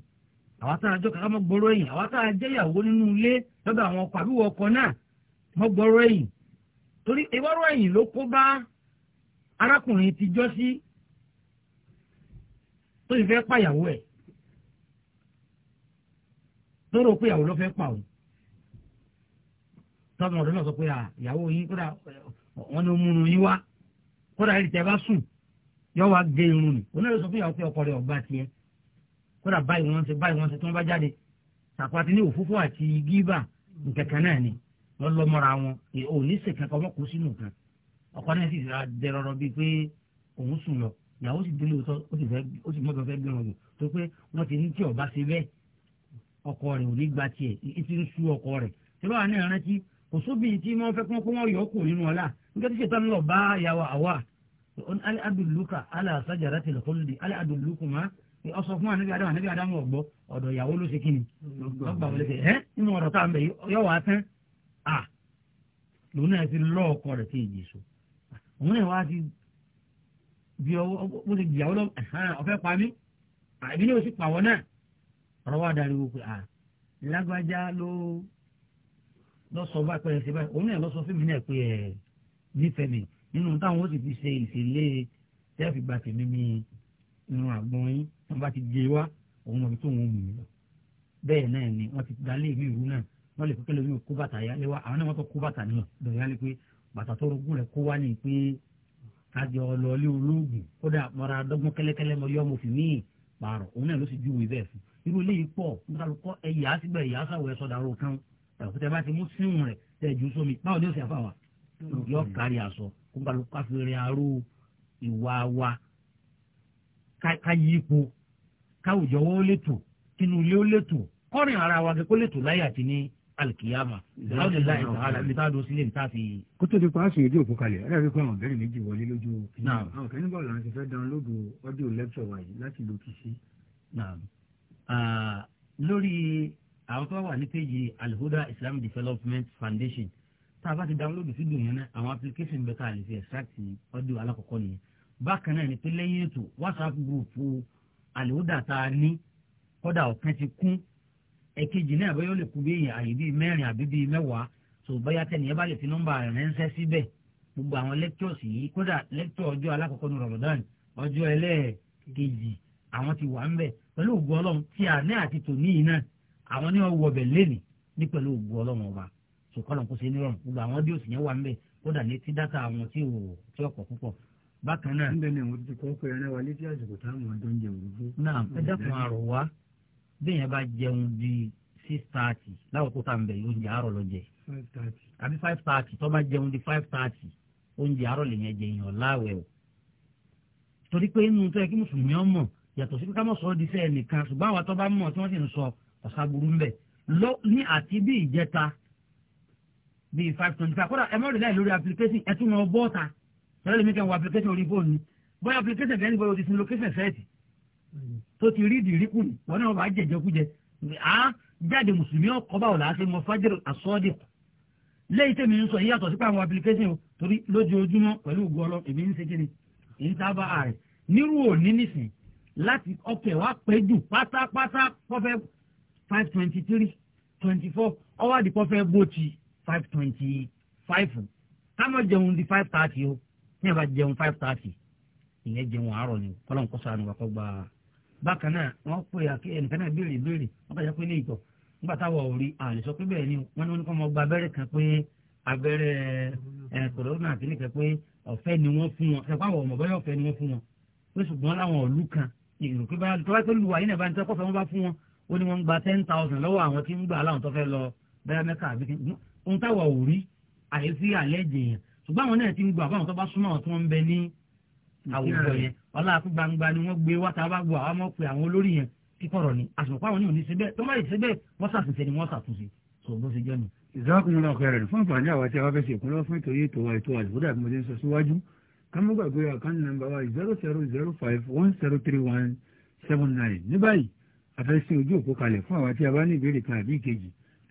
B: àwa tá a jọ kàkà mọ gbọ́rọ̀ ẹ̀yìn àwa tá a jẹ́ ìyàwó nínú ilé lọ́dọ̀ àwọn ọkọ àbí wọkọ náà mọ gbọ́rọ̀ ẹ̀yìn torí ìwọ́rọ̀ ẹ̀yìn ló kó bá arákùnrin ti jọ sí tó sì fẹ́ pàyàwó ẹ̀ tó rò pé ìyàwó ló fẹ́ pa òun tọ́mọ̀ ọ̀dọ́ náà sọ pé ìyàwó yín kódà wọ́n ní ó múnú yín wá kódà ẹ̀rì tẹ́ bá sùn yọ wá gé irun nì onáyọ sọ fún ìyàwó pé ọkọ rẹ ọgbà tiẹ̀ kódà báyìí wọ́n ṣe báyìí wọ́n ṣe tí wọ́n bá jáde sàpàtì ní òfófó àti gíbà nkankan náà ni wọ́n lọ mọ́ra wọn òní ṣe kankan wọ́n kó sínú kan ọkọ náà sì dẹrọrọ bíi pé òun sùn lọ ìyàwó sì délé òótọ́ ó sì fẹ́ ó sì mọ́tò fẹ́ gbé wọn lò tó pé wọ́n ti ní tí ọba ṣe bẹ́ẹ̀ ọkọ rẹ̀ ò gba tiẹ̀ ti ń sú ọkọ rẹ̀ tí wọ́n wà ní ìrántí kò sóbì tí wọ́n fẹ́ kó wọ́n yọ kù nínú ọ̀la nígbà tí ṣètò on ali aduluka ala asajara tẹlẹ kọlùdì ali adulukuma ọsọ fún anabi adamu anabi adamu ọgbọ ọ̀dọ̀ ìyàwó ló ṣe kíni
A: ọgbà wọlé ṣe ẹ
B: nínú ọ̀rọ̀ tá à ń bẹ yọ wá tán a lòun náà ti lọ ọkọ rẹ̀ sí èyí so òun náà wá ti bí ọwọ́ bó ṣe gbìyàwó lọ ọfẹ pa mí àbí ní oṣù pàwọ náà ọ̀rọ̀ wa darí wo pé a lágbájá ló lọ sọ bá pẹrẹ sí báyìí òun náà lọ sọ fún mi náà pé ẹ nífẹ̀ẹ́ mi nínú táwọn ó sì fi ṣe ìṣẹ̀lẹ̀ tẹ́ẹ̀fì gba tèmi ní irun àgbọn yín wọ́n bá ti gé e wá òun ọ̀bí tó ń mú mi lọ bẹ́ẹ̀ náà ni wọ́n ti dalé mi ìrú náà wọ́n lè kókè lómi kó bàtà yálé wa àwọn náà wọ́n tó kó bàtà náà lọ́ọ́ yálé pé bàtà tó rogún rẹ̀ kó wá ní pé kájọ lọ́ọ́lé olóògùn kódà mọ́ra dọ́gbọ́n kẹ́lẹ́kẹ́lẹ́ mọ́ yọ́ mo fi míì pààrọ̀ òun náà ló sì júwe bẹ́ẹ̀ fún irú ilé yìí pọ̀ nígbàlùkọ́ ẹ̀yà síbẹ̀ ẹ̀yà sàwọ̀ ẹ̀sọ̀ dàrú kan ẹ̀kútẹ́ bá ti mú síhùn rẹ̀ tẹ̀ jù sómi báwo ni ó sì àfàwà yọ kárí aṣọ kó kálukú fi rin aró ìwà wa ká yí ipò
A: káwùjọ wọn ó lè tò kínú ilé ó lè tò
B: kọrin ara wa kó lè tò láyé àti ní
A: alikiyama láwùjọ láyé sàhálà ibi tá a dùn sílẹ̀ níta fi. kó tó di paasi ìdí òkú kalẹ̀ ẹ̀rọ ìfẹ́ àwọn ọ̀bẹ́rẹ̀ méjì wọlé lójú náà àwọn kan nígbà wọlé ṣe fẹ́ dánlódù ọ́díò lẹ́kṣọ̀ wa yìí láti lò kì lórí àwọn tó wà ní péjì
B: Al-Huda Development Foundation tá a bá ti dáwọ́lódì sí dùn yẹn náà àwọn application bẹ́ẹ̀ tá lè fi extract ọdún alákọ̀ọ́kọ́ nìyẹn bákan náà ni pé lẹ́yìn ètò whatsapp group àlèódà tá a ní kọ́dà ọ̀kan ti kún ẹ̀kejì náà bẹ́ẹ̀ yóò lè kú bí èèyàn àyè bíi mẹ́rin àbí bíi mẹ́wàá tó báyà tẹ̀ nìyẹn bá lè fi nọ́mbà rẹ̀ ránṣẹ́ síbẹ̀ gbogbo àwọn lectures yìí kódà lecture ọjọ́ alákọ̀ọ́kọ́ ní Ramadan ọjọ́ ẹlẹ́ẹ̀kejì àwọn ti wà ń pẹ̀lú ògùn ọlọ́run tí a àti tòní yìí náà àwọn ní ọwọ́ ọbẹ̀ lẹ́nìí ní pẹ̀lú ògùn ọlọ́run ọba sòkòlò kó ṣe ní rọrùn gbogbo àwọn bí òsì yẹn wà ń bẹ kódà létí dátà àwọn tí ò tí ọkọ̀ púpọ̀ bákan náà.
A: níbẹ̀ ni àwọn ti kọ́ pé ẹran wa létí àsìkò táwọn ọdún jẹun rúgbó.
B: náà ẹ dákun àrò wá bẹ́ẹ̀ yẹn bá jẹun bíi six thirty láwòkó tá à ń bẹ̀ oúnjẹ àárọ̀ lọ jẹ. five thirty. àbí five thirty tó bá jẹun di five thirty oúnjẹ àárọ̀ lè yẹn jẹ èèyàn láàwẹ̀ o. torí pé inú tó yẹ kí mùsùlùmí ọmọ yàtọ̀ sí pé ká mọ̀ sọ ọ́ di sẹ́ẹ̀ bíi five twenty five kódà ẹ má rely lórí application ẹ tún mọ bọ́ọ̀ta tọ́lá lèmi kẹ́ wọ application orí fóònù bóyá application kẹ́ni bóyá o ti sin location sẹ́ẹ̀tì tó ti rí ìdí ríkù wọn náà wàá jẹjẹkújẹ à jáde mùsùlùmí ọkọ báwo là á ṣe mọ fájẹrò àsọdẹ lẹ́yìn tẹmí ń sọ yìí yàtọ̀ sípò àwọn application torí lójoojúmọ́ pẹ̀lú ògùn ọlọ èmi ń ṣe kí ni èyí tá a bá ààrẹ nírú òní nìsín láti ọkẹ wa pẹ jù pátápátá pọfẹ five twenty three twenty four ọwọ́ àdìpọ̀ fẹ́ five twenty five kámọ́ jẹun di five thirty o ní àbá jẹun five thirty ìyẹn jẹun àárọ̀ ni kọ́lọ́n kọ́ sànù wà kọ́ gbà á. bákan náà wọ́n pè àkè ẹnìkan náà béèrè béèrè wọ́n kà jẹ́ pé ní ìtọ̀ nígbà táwọn ò rí àlè sọ pé bẹ́ẹ̀ ni wọ́n ní wọ́n ní kọ́ mọ gba abẹ́rẹ́ kan pé abẹ́rẹ́ ẹ̀ eh, kòrónà kìíní kan pé ọ̀fẹ́ ni wọ́n fún wọn ẹ̀fọ́ àwọn ọ̀mọ̀bẹ́yẹ ọ̀fẹ́ ni wọ́n fún wọn pé ṣùgbọ́n láwọn òlú kan ìrò pé báyà tó bá tó lu àyìn náà bá ń tẹ́ kọ́fẹ́ wọn bá fún wọn ó ní wọ́n gba ten thousand lọ́wọ́ àwọn tí ń gbà láwọn tó fẹ́ lọ bẹ́ẹ̀ mẹ́ka àbí ń táwa ò rí àyèsí àlẹ́ jèèyàn ṣùgbọ́n àwọn náà ti ń gbọ́ àbáwọn tó bá súnmọ́ àwọn tó ń bẹ ní àwùjọ yẹn ọlá àti gbangba ni wọ́n gbé wá táwa gbọ́ àwọn ọmọ àwọn olórí yẹn kíkọ̀rọ̀ ni àṣùpá àwọn oníhùn ní síbẹ̀ tó má lè síbẹ̀ wọ́n ṣàtúnṣe ni wọ́n ṣàtúnṣe tó
A: bó ṣe jẹ́ nù. ìsákùnrin ọkọ rẹ fún àǹfààní àwọn tí a bá fẹ́ wa zero zero five one zero three one seven nine ní báyìí àfẹ́sìn ojú òpó kalẹ̀ fún àwọn tí a bá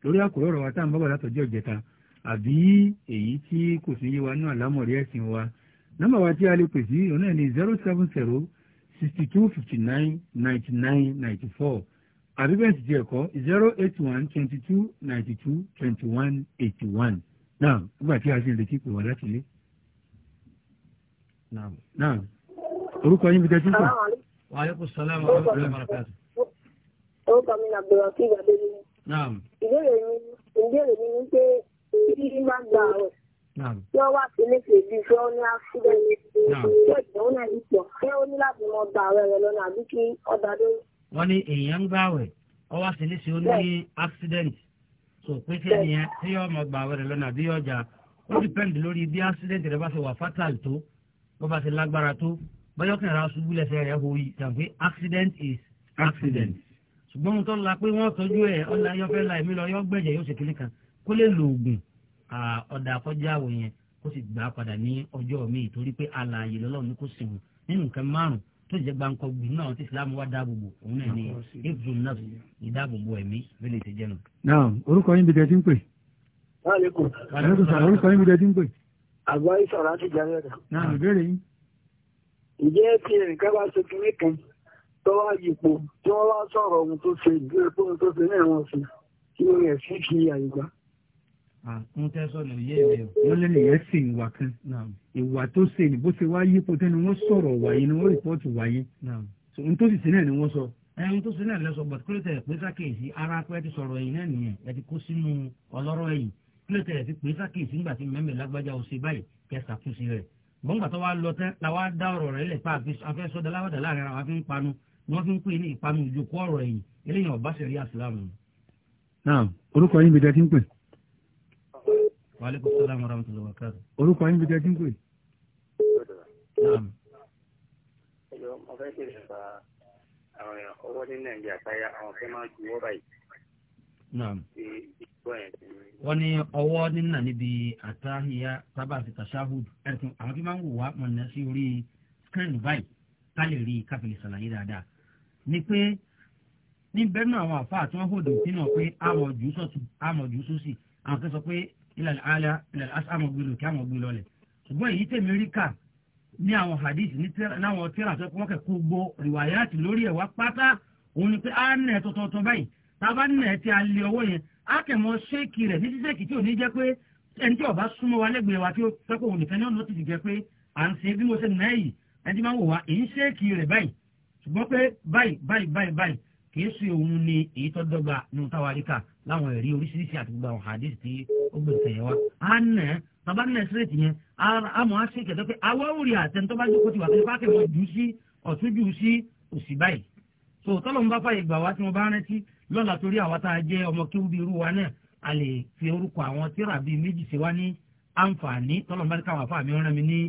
A: lórí àkùrọ̀ ọ̀rọ̀ wa tá à ń bá wà látọ̀jọ́ ìjẹta àbí èyí tí kò sí yé wa náà lámọ̀rí ẹ̀sìn wa nọ́mbà wa tí a lè pè sí òun náà ni zero seven zero sixty two fifty nine ninety nine ninety four àbí bẹ́ẹ̀ sì ti ẹ̀kọ́ zero eight one twenty two ninety two twenty one eighty one náà nígbà tí a ṣe lè ti pè wá láti ilé. náà orúkọ yín bí tẹ́tí sàn. wa alaikum salaam wa rahmatullahi wa barakatuh.
C: orúkọ mi ni abdulrasheed adéyẹmí ìbéèrè mi ìbéèrè mi ni pé kí má gba ọ̀rọ̀ tí wọ́n wá sí léṣe bíi fẹ́ ó ní àṣírí tí ìjọ ó náà yìí pọ̀ fẹ́ ó ní láti mọ gba ọ̀rọ̀ rẹ̀ lọ́nà àbí kí ọ̀dà
B: ló. wọ́n ní èèyàn ń gbààwẹ̀ ọwọ́ àṣìlẹ́sẹ̀ ó ní accident so pé kí ẹnìyẹn tí yọ ọmọ gbààwẹ̀ rẹ̀ lọ́nà àbí ọjà ó depend lórí bí accident rẹ̀ bá ṣe wà fatal tó bó bá ṣe lágbára tó bọ́yọ̀kìnrin ara ṣubú lẹ́sẹ̀ rẹ̀ hó yìí accident is accident ṣùgbọ́n mo tọ́ la pé wọ́n tọ́jú ẹ̀ ọ̀la yọfẹ́ la èmi lọ yọ gbẹ̀jẹ̀ yóò ṣe kiri kan kó lè lo oògùn ọ̀dà àkọ́já àwọ̀ yẹn kó sì gbà á padà ní ọjọ́ mi torí pé alààyè lọ́lọ́run ní kò sìn wọn nínú nǹkan márùn tó jẹ́ gbáǹkọ́ gbìn náà tí Islam wá dáàbòbò òun náà ní hebrew nurse ìdáàbòbò ẹ̀mí bẹ́lẹ̀ ti jẹ́nu.
A: náà orúkọ yín bí tẹ́tí ń pè. orúkọ yín bí tẹ́tí ń pè. àgbáyé sọ̀rọ̀ láti jẹ́ rẹ̀. náà ìbéèrè yín. ǹjẹ́ tí ẹnìkan bá ṣe kinní kan tó wá yípo tí wọ́n wá sọ̀rọ̀ ohun tó ṣe ìdílé tó ohun tó ṣe ní ẹ̀wọ̀n sí kí wọ́n yẹ sí fi àyíká. àwọn tẹ́sán lè yé ẹ̀ wọ́n lẹ́nu yẹn sì ìwà kan ìwà tó ṣe ní bó ṣe wá yípo tẹ́ni wọ́n sọ̀rọ̀ wáyé ni wọ́n rìpọ́ọ̀tù wáyé ohun tó sì sí náà ni wọ́n sọ
B: ẹni tó sílẹ̀ lẹ́sọ̀ bọ̀t kí ló tẹ̀ pé sákèsí ara pé ti sọ̀rọ̀ ẹ̀yìn náà nìyẹn ẹ ti kó sínú ọlọ́rọ̀ ẹ̀yìn kí ló tẹ̀ pé sákèsí ńgbà tí mẹ́mẹ́ lágbájá ò ṣe báyìí kẹ́ ṣàkóso rẹ̀ gbọ́ngbà tó wá lọ tẹ́ la wá dá ọ̀rọ̀ rẹ̀ lẹ̀ pa àfẹ́sọ́dá láwàdà láàrin ara wa ń panu wọ́n tún pè ní ìpamọ́ ìjòkó ọ̀rọ̀ ẹ̀yìn eléyìí ọ̀bá ṣẹ̀rí àsìlámù.
A: náà orúkọ yín bìtẹ́ tí ń pè.
B: wàhálẹ́kùn sálàmù rahmatullahi wa barakatuh.
A: orúkọ yín bìtẹ́ tí ń pè. ọjọ́ mo fẹ́ ṣe ìfà àwọn èèyàn ọwọ́ ní nàìjíríà táyà àwọn fẹ́ máa ju wọ́ọ̀bà yìí.
B: wọ́n ní ọwọ́ nínà níbi àtàhíyá sábà àti tashahud ẹ̀sùn àwọn tí máa ń wò wá mọ̀nà sí orí skrin báyìí ká lè rí káfíńsì ṣàlàyé dáadáa ni pé níbẹ̀ náà àwọn àfa àti wọn hòdò sínú pé amọ̀jù sọ̀tù amọ̀jù sósì àwọn kan sọ pé ilẹ̀ àlẹ́ ilẹ̀ àmọ̀ gbé lò kí àmọ̀ gbé lọlẹ̀ ṣùgbọ́n èyí tèmi rí kà ní àwọn hadith láwọn tíra sọ pé wọ́n kẹ́ kó gbọ́ rìwáyàtì lórí ẹ̀wá pátá òun ni pé á nà ẹ̀ tọ̀tọ̀tọ̀ báyìí tába nà ẹ̀ tí a lé ọwọ́ yẹn á kẹ̀ mọ́ ṣéèkì rẹ̀ ní sísèkì tí ò ní jẹ́ pé ẹni tí ọba súnmọ́ wa lẹ́gbẹ̀ẹ́ wa tí ó fẹ́ kó òun nìkan ní ọ̀nà ó ti jẹ́ pé à ń ṣe bí mo ṣe nà ẹ̀ ẹni tí máa ń wò wá èyí ṣéèkì rẹ̀ báyìí ṣùgbọ́n pé báyìí báyìí báyìí báyìí kìí ṣe òun ni èyí tó dọ́gba ní táwáríkà láwọn ẹ̀rí oríṣiríṣi àti gbogbo àwọn hadith tí ó gbé ìtẹ̀yẹ wa. a nà ẹ́ bàbá nà ẹ́ sírètì yẹn àmọ́ a ṣe kẹ̀tọ́ pé àwa ò rí àtẹn bá jókòó ti wà pé fáàkì wọn jù sí ọ̀tún jù sí òsì báyìí. so tọ́lọ̀ ń bá fàyè gbà wá tí wọ́n bá rántí lọ́la torí àwa tá a jẹ́ ọmọ kéwú bí irú wa náà mi rán mi ní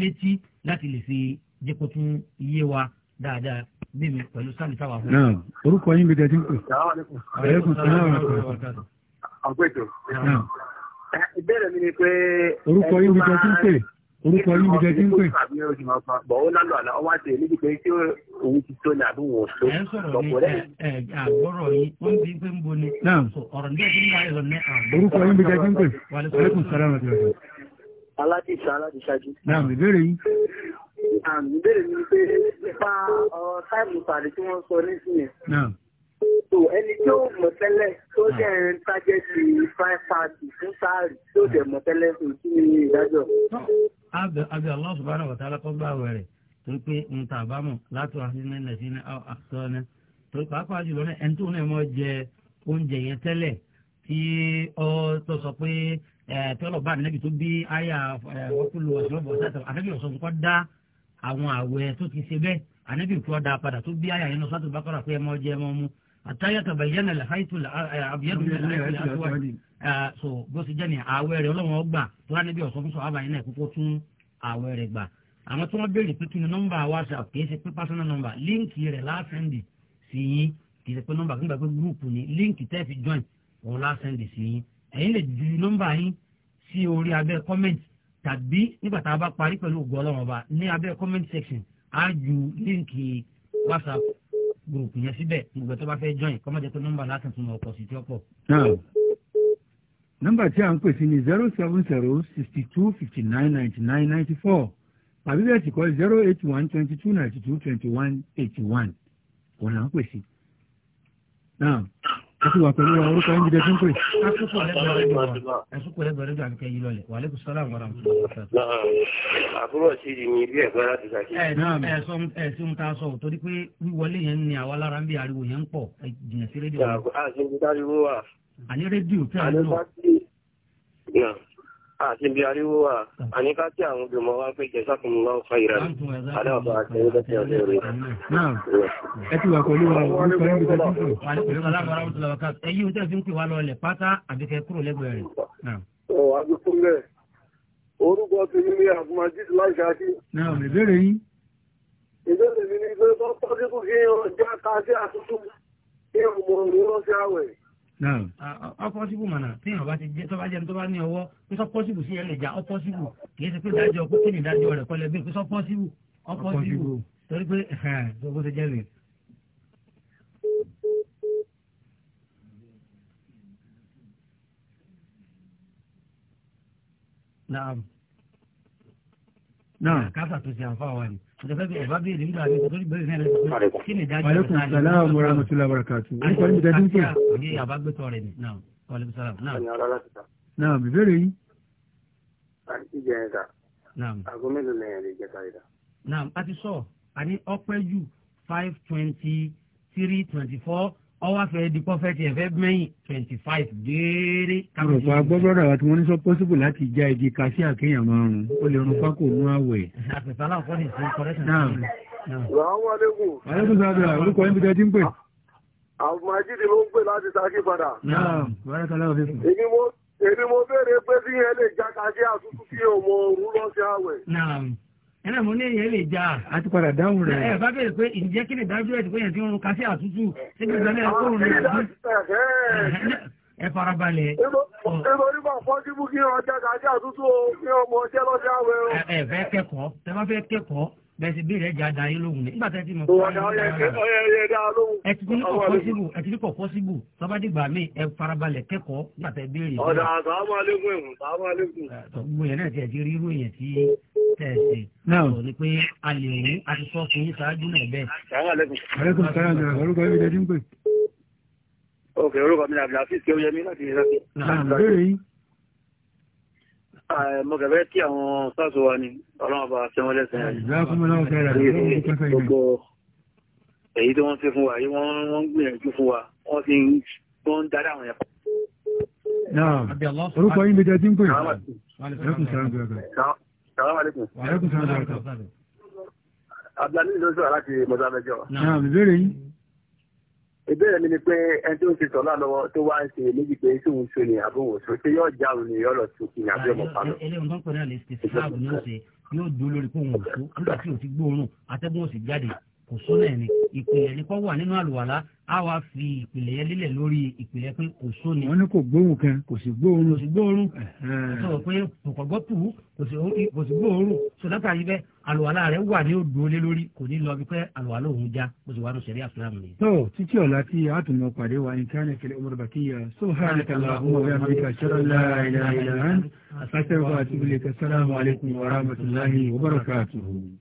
B: létí láti lè fi dáadáa bí mi pẹ̀lú sáàlì
A: táwà fún. orúkọ yín gbẹdẹ tí ń pè. àlékún ìbéèrè mi ni pé. orúkọ yín ń pè. orúkọ yín ń pè. bọ̀ ó lálọ́ àná ọwọ́ àti èmi òun ti tó ní tó. ẹ
B: ẹ yìí pé ń boni. ọ̀rọ̀ ní
A: orúkọ yín ń pè. àgbèrè mi pé nípa ọ̀rọ̀ táìmù pàdé tí wọ́n sọ nísìnyẹn. So ẹni tí ó mọ̀ tẹ́lẹ̀ tó jẹ́ ẹ̀rín tájẹ́tì five party fún sáàrì tí ó dẹ̀ mọ̀ tẹ́lẹ̀ fún kí ni ìdájọ́. Abẹ Abẹ
B: Allah subhanahu wa ta'ala kọ́ gbà wẹ̀rẹ̀ torí pé n ta àbámọ̀ látọ̀ àfihàn ilẹ̀ sí ní àṣọ ni torí pàápàá jùlọ náà ẹni tó náà mọ̀ jẹ oúnjẹ yẹn tẹ́lẹ̀ tí ọ tó sọ pé tọ́lọ̀ bá ànábì tó bí àyà ọkùnrin ọ̀ṣọ́ bọ̀ sátọ̀ ànábì ọ̀ṣọ́ nǹkan àwọn àwẹ̀ tó ti ṣe bẹ́ẹ̀ ànábì kú ọ̀dà padà tó bí àyà yẹnu sátò bákọ́rà pé ẹ mọ jẹ ẹ mọ mú àtàyàtọ̀ bẹ̀yẹ́nà lẹ́fàìtù àbíyẹ́nà àwọn tí wọn béèrè pé kí ni nọ́mbà whatsapp kì í ṣe pé personal number líǹkì rẹ láàsẹǹdì sí yín kì í ṣe pé nọ́mbà kí n gbà pé gúrùpù ni líǹkì tẹ́ fi join òun láàsẹǹdì sí yín ẹ̀yin lè ju nọ́mbà yín sí orí abẹ́ kọ́mẹ́ǹtì tàbí nígbà tá a bá parí pẹ̀lú ògùn ọlọ́run ọba ní abẹ́ comment section á ju líǹkì whatsapp group yẹn síbẹ̀ gbogbo tó bá fẹ́ join kọ́mọ́jẹ́ pé nọ́mbà láti tún ọkọ̀ sí tí ó pọ̀.
A: nọ́mbà tí a ń pè sí ni zero seven zero sixty two fifty nine ninety nine ninety four àbí bẹ́ẹ̀ ti kọ́ zero eight one twenty two ninety two twenty one eighty one òun là ń pè sí. Ẹ̀sùn wà pẹ̀lú àwọn orúkọ ẹ̀ńjìdẹ̀ tó ń pè. Ẹ̀sùn
B: kò lẹ́gbẹ̀ẹ́ rẹ́gbẹ̀ẹ́ àti kẹ́yìn lọ́lẹ̀. Wà lẹ́kùn sọ́lá àwọn ọ̀rọ̀
A: àbúrò sí ni ilé ẹ̀kọ́ láti ṣàkí. Ẹ̀sùn ta sọ àti ibi ariwo wà àníká tí àwọn obìnrin wa pé jẹ sákùnrin wa ó fa ìrà aláàbò àti ẹgbẹ́ tí ọdún rẹ̀. ẹ ti wà pẹ̀lú wa orúkọ ẹni tó ti fún
B: un. ẹyí o tẹ́ fi ń pè wá lọ ilẹ̀ pátá àbíkẹ́ kúrò
A: lẹ́gbẹ̀ẹ́ rẹ̀.
C: ọ adúkúnlẹ̀ orúkọ ti ní ní abdulmajid láìsàkí.
A: náà lè béèrè yín.
C: ìbéèrè mi ni pé bọ́ tọ́jú kí ọjà kájí àtúntò kí ọmọ òun lọ sí àwẹ̀
A: ọpọsibu ah, ah, ah, mana? tí
B: yàn bá ti jẹ́ tó bá jẹ́ tó bá ní ọwọ́ pé sọpọsibu sí ẹlẹ́jà ọpọsibu kìí ṣe pé dájọ́ pé kí ni dájọ́ rẹ̀ kọ́lẹ̀ bí pé sọpọsibu ọpọsibu torí pé gbogbo ṣe jẹ́ rè. naam. naam. káfà tó ṣe àǹfààní. Ìjọba bèèrè nígbà àti ìtọ́jú bẹ̀rẹ̀ náà lẹ́sọ̀rọ̀. Kí ni ìdájọ́ ìrìn àjò? Àlékún sàlámù mọ́ra
A: mọ́túlá bàràkàtù. Orúkọ níbi tẹ́tí ń pè.
B: Òye àbágbétọ̀ rẹ̀ ni. Náà, wàlúù sàlámù.
A: Náà, bèbèrè yín. Àti jẹ́ ẹ̀ta. Náà. Àgọ́ mélòó lẹ́yìn lè jẹ́ káyìí dá?
B: Náà, a ti sọ, a ní ọpẹ́ jù five twenty three twenty four ọwọ́ afẹ́ di kọ́ tiẹ̀ fẹ́ mẹ́yìn twenty five déédéé. ọ̀pọ̀
A: agbọ́dọ̀dọ̀ àwọn tí wọ́n ní sọ pọ́sibù láti já igi kásí àkéyàn márùn-ún ó lè rún pákó nú àwẹ̀. àpèsálà ọkọ ní ìsinmi correction. Assalamu alaikum. aleykum sábẹ́ orúkọ yín bí ń pè.
C: àbùmájídì ló ń pè láti Ṣakí padà. èmi mo béèrè pé bí yẹn lè já kásí àtúntò
B: ẹ̀rẹ́ mo ní èyàn lè já.
A: a ti padà dáhùn rẹ̀. ẹ
B: bá bẹ̀rẹ̀ pé ìjẹ́ kí ni dájú ẹ̀ tí pé yẹn ti ń rún kásí àtútù sí gbogbo ẹ̀ kóòrùn rẹ̀ lójú. ẹ farabalẹ̀.
C: ìbò nígbà fọ́jú mú kí ọjà kásí àtútù o kí ọmọ ọjẹ́ lọ́jà wẹ̀ o.
B: ẹ fẹ́ kẹ́kọ̀ọ́ bẹ́ẹ̀sì bí rẹ̀ jáda yín lóhùn ní nígbà tẹ́tí mọ̀ fún ẹ ti ní kọ̀ pọ́síbù ẹ ti ní kọ̀ pọ́síbù tọ́bádìgbà mi ẹ farabalẹ̀ kẹ́kọ̀ọ́ nígbà tẹ́ béèrè. ọ̀dà
C: sàmú alẹ́kùn ẹ̀hún sàmú alẹ́kùn.
B: gbogbo yẹn náà tiẹ̀ ti rí irú èèyàn tí tẹ̀sí
A: sọ ni pé a lè rí a ti sọ fún yín ṣáájú náà bẹ́ẹ̀. sàmú mo kẹ̀fẹ́ kí àwọn sáàsù wa ni ọlọ́run bá ṣe wọ́n lẹ́sìn rẹ̀ gbogbo èyí tí wọ́n ṣe fún wa yìí wọ́n ń gbìyànjú fún wa wọ́n ti ń darí àwọn ẹ̀kọ́. náà orúkọ yín bẹjẹ tí ń pè é Abdulaziz ló sọ̀rọ̀ láti mọ̀tàbẹ́jọ́. náà bẹ̀rẹ̀ yín ìbéèrè mi ni pé ẹni tó ń ṣe sọ̀lá lọ́wọ́ tó wá ń ṣe méjì pé tí òun ṣe ni àbòwò tó ṣe yóò já òun ni yóò lọ sí òkè ní abẹ́ ọmọ pálọ̀. ẹlẹ́wọ̀n tó ń pẹ̀lú àlè ṣe sáàbù ní ọ̀sẹ̀ yóò dúró
B: lórí pé òun ò tó nígbà tí ò ti gbóòórùn atẹ́gùn ò sì jáde kò sọ́nà ẹ̀mí ìpìlẹ̀ ní kọ́ wà nínú àlùwàlá á wá fi ìpìlẹ̀ yẹn lélẹ̀ lórí ìpìlẹ̀ pé kò sóni. wọn ní kò gbóhùn kan kò sì gbóhùn. kò sì gbóhùn sọ pé kò gbọ́ tù ú kò sì gbóhùn sọ látàrí bẹ́ẹ̀ àlùwàlá rẹ̀ wà ní òdòlé lórí kò ní lọ bí pé àlùwàlá òun já kò sì wà ní sẹ̀rí àfúrámù ni.
A: tó títí ọ̀la tí a tún lọ pàdé wa nǹkan ní kẹlẹ́ ọmọdé bàkíyà subhanaka allahumma wa bihamdika ashhadu an la ilaha illa anta astaghfiruka wa atubu ilayk assalamu alaykum wa rahmatullahi wa
C: barakatuh.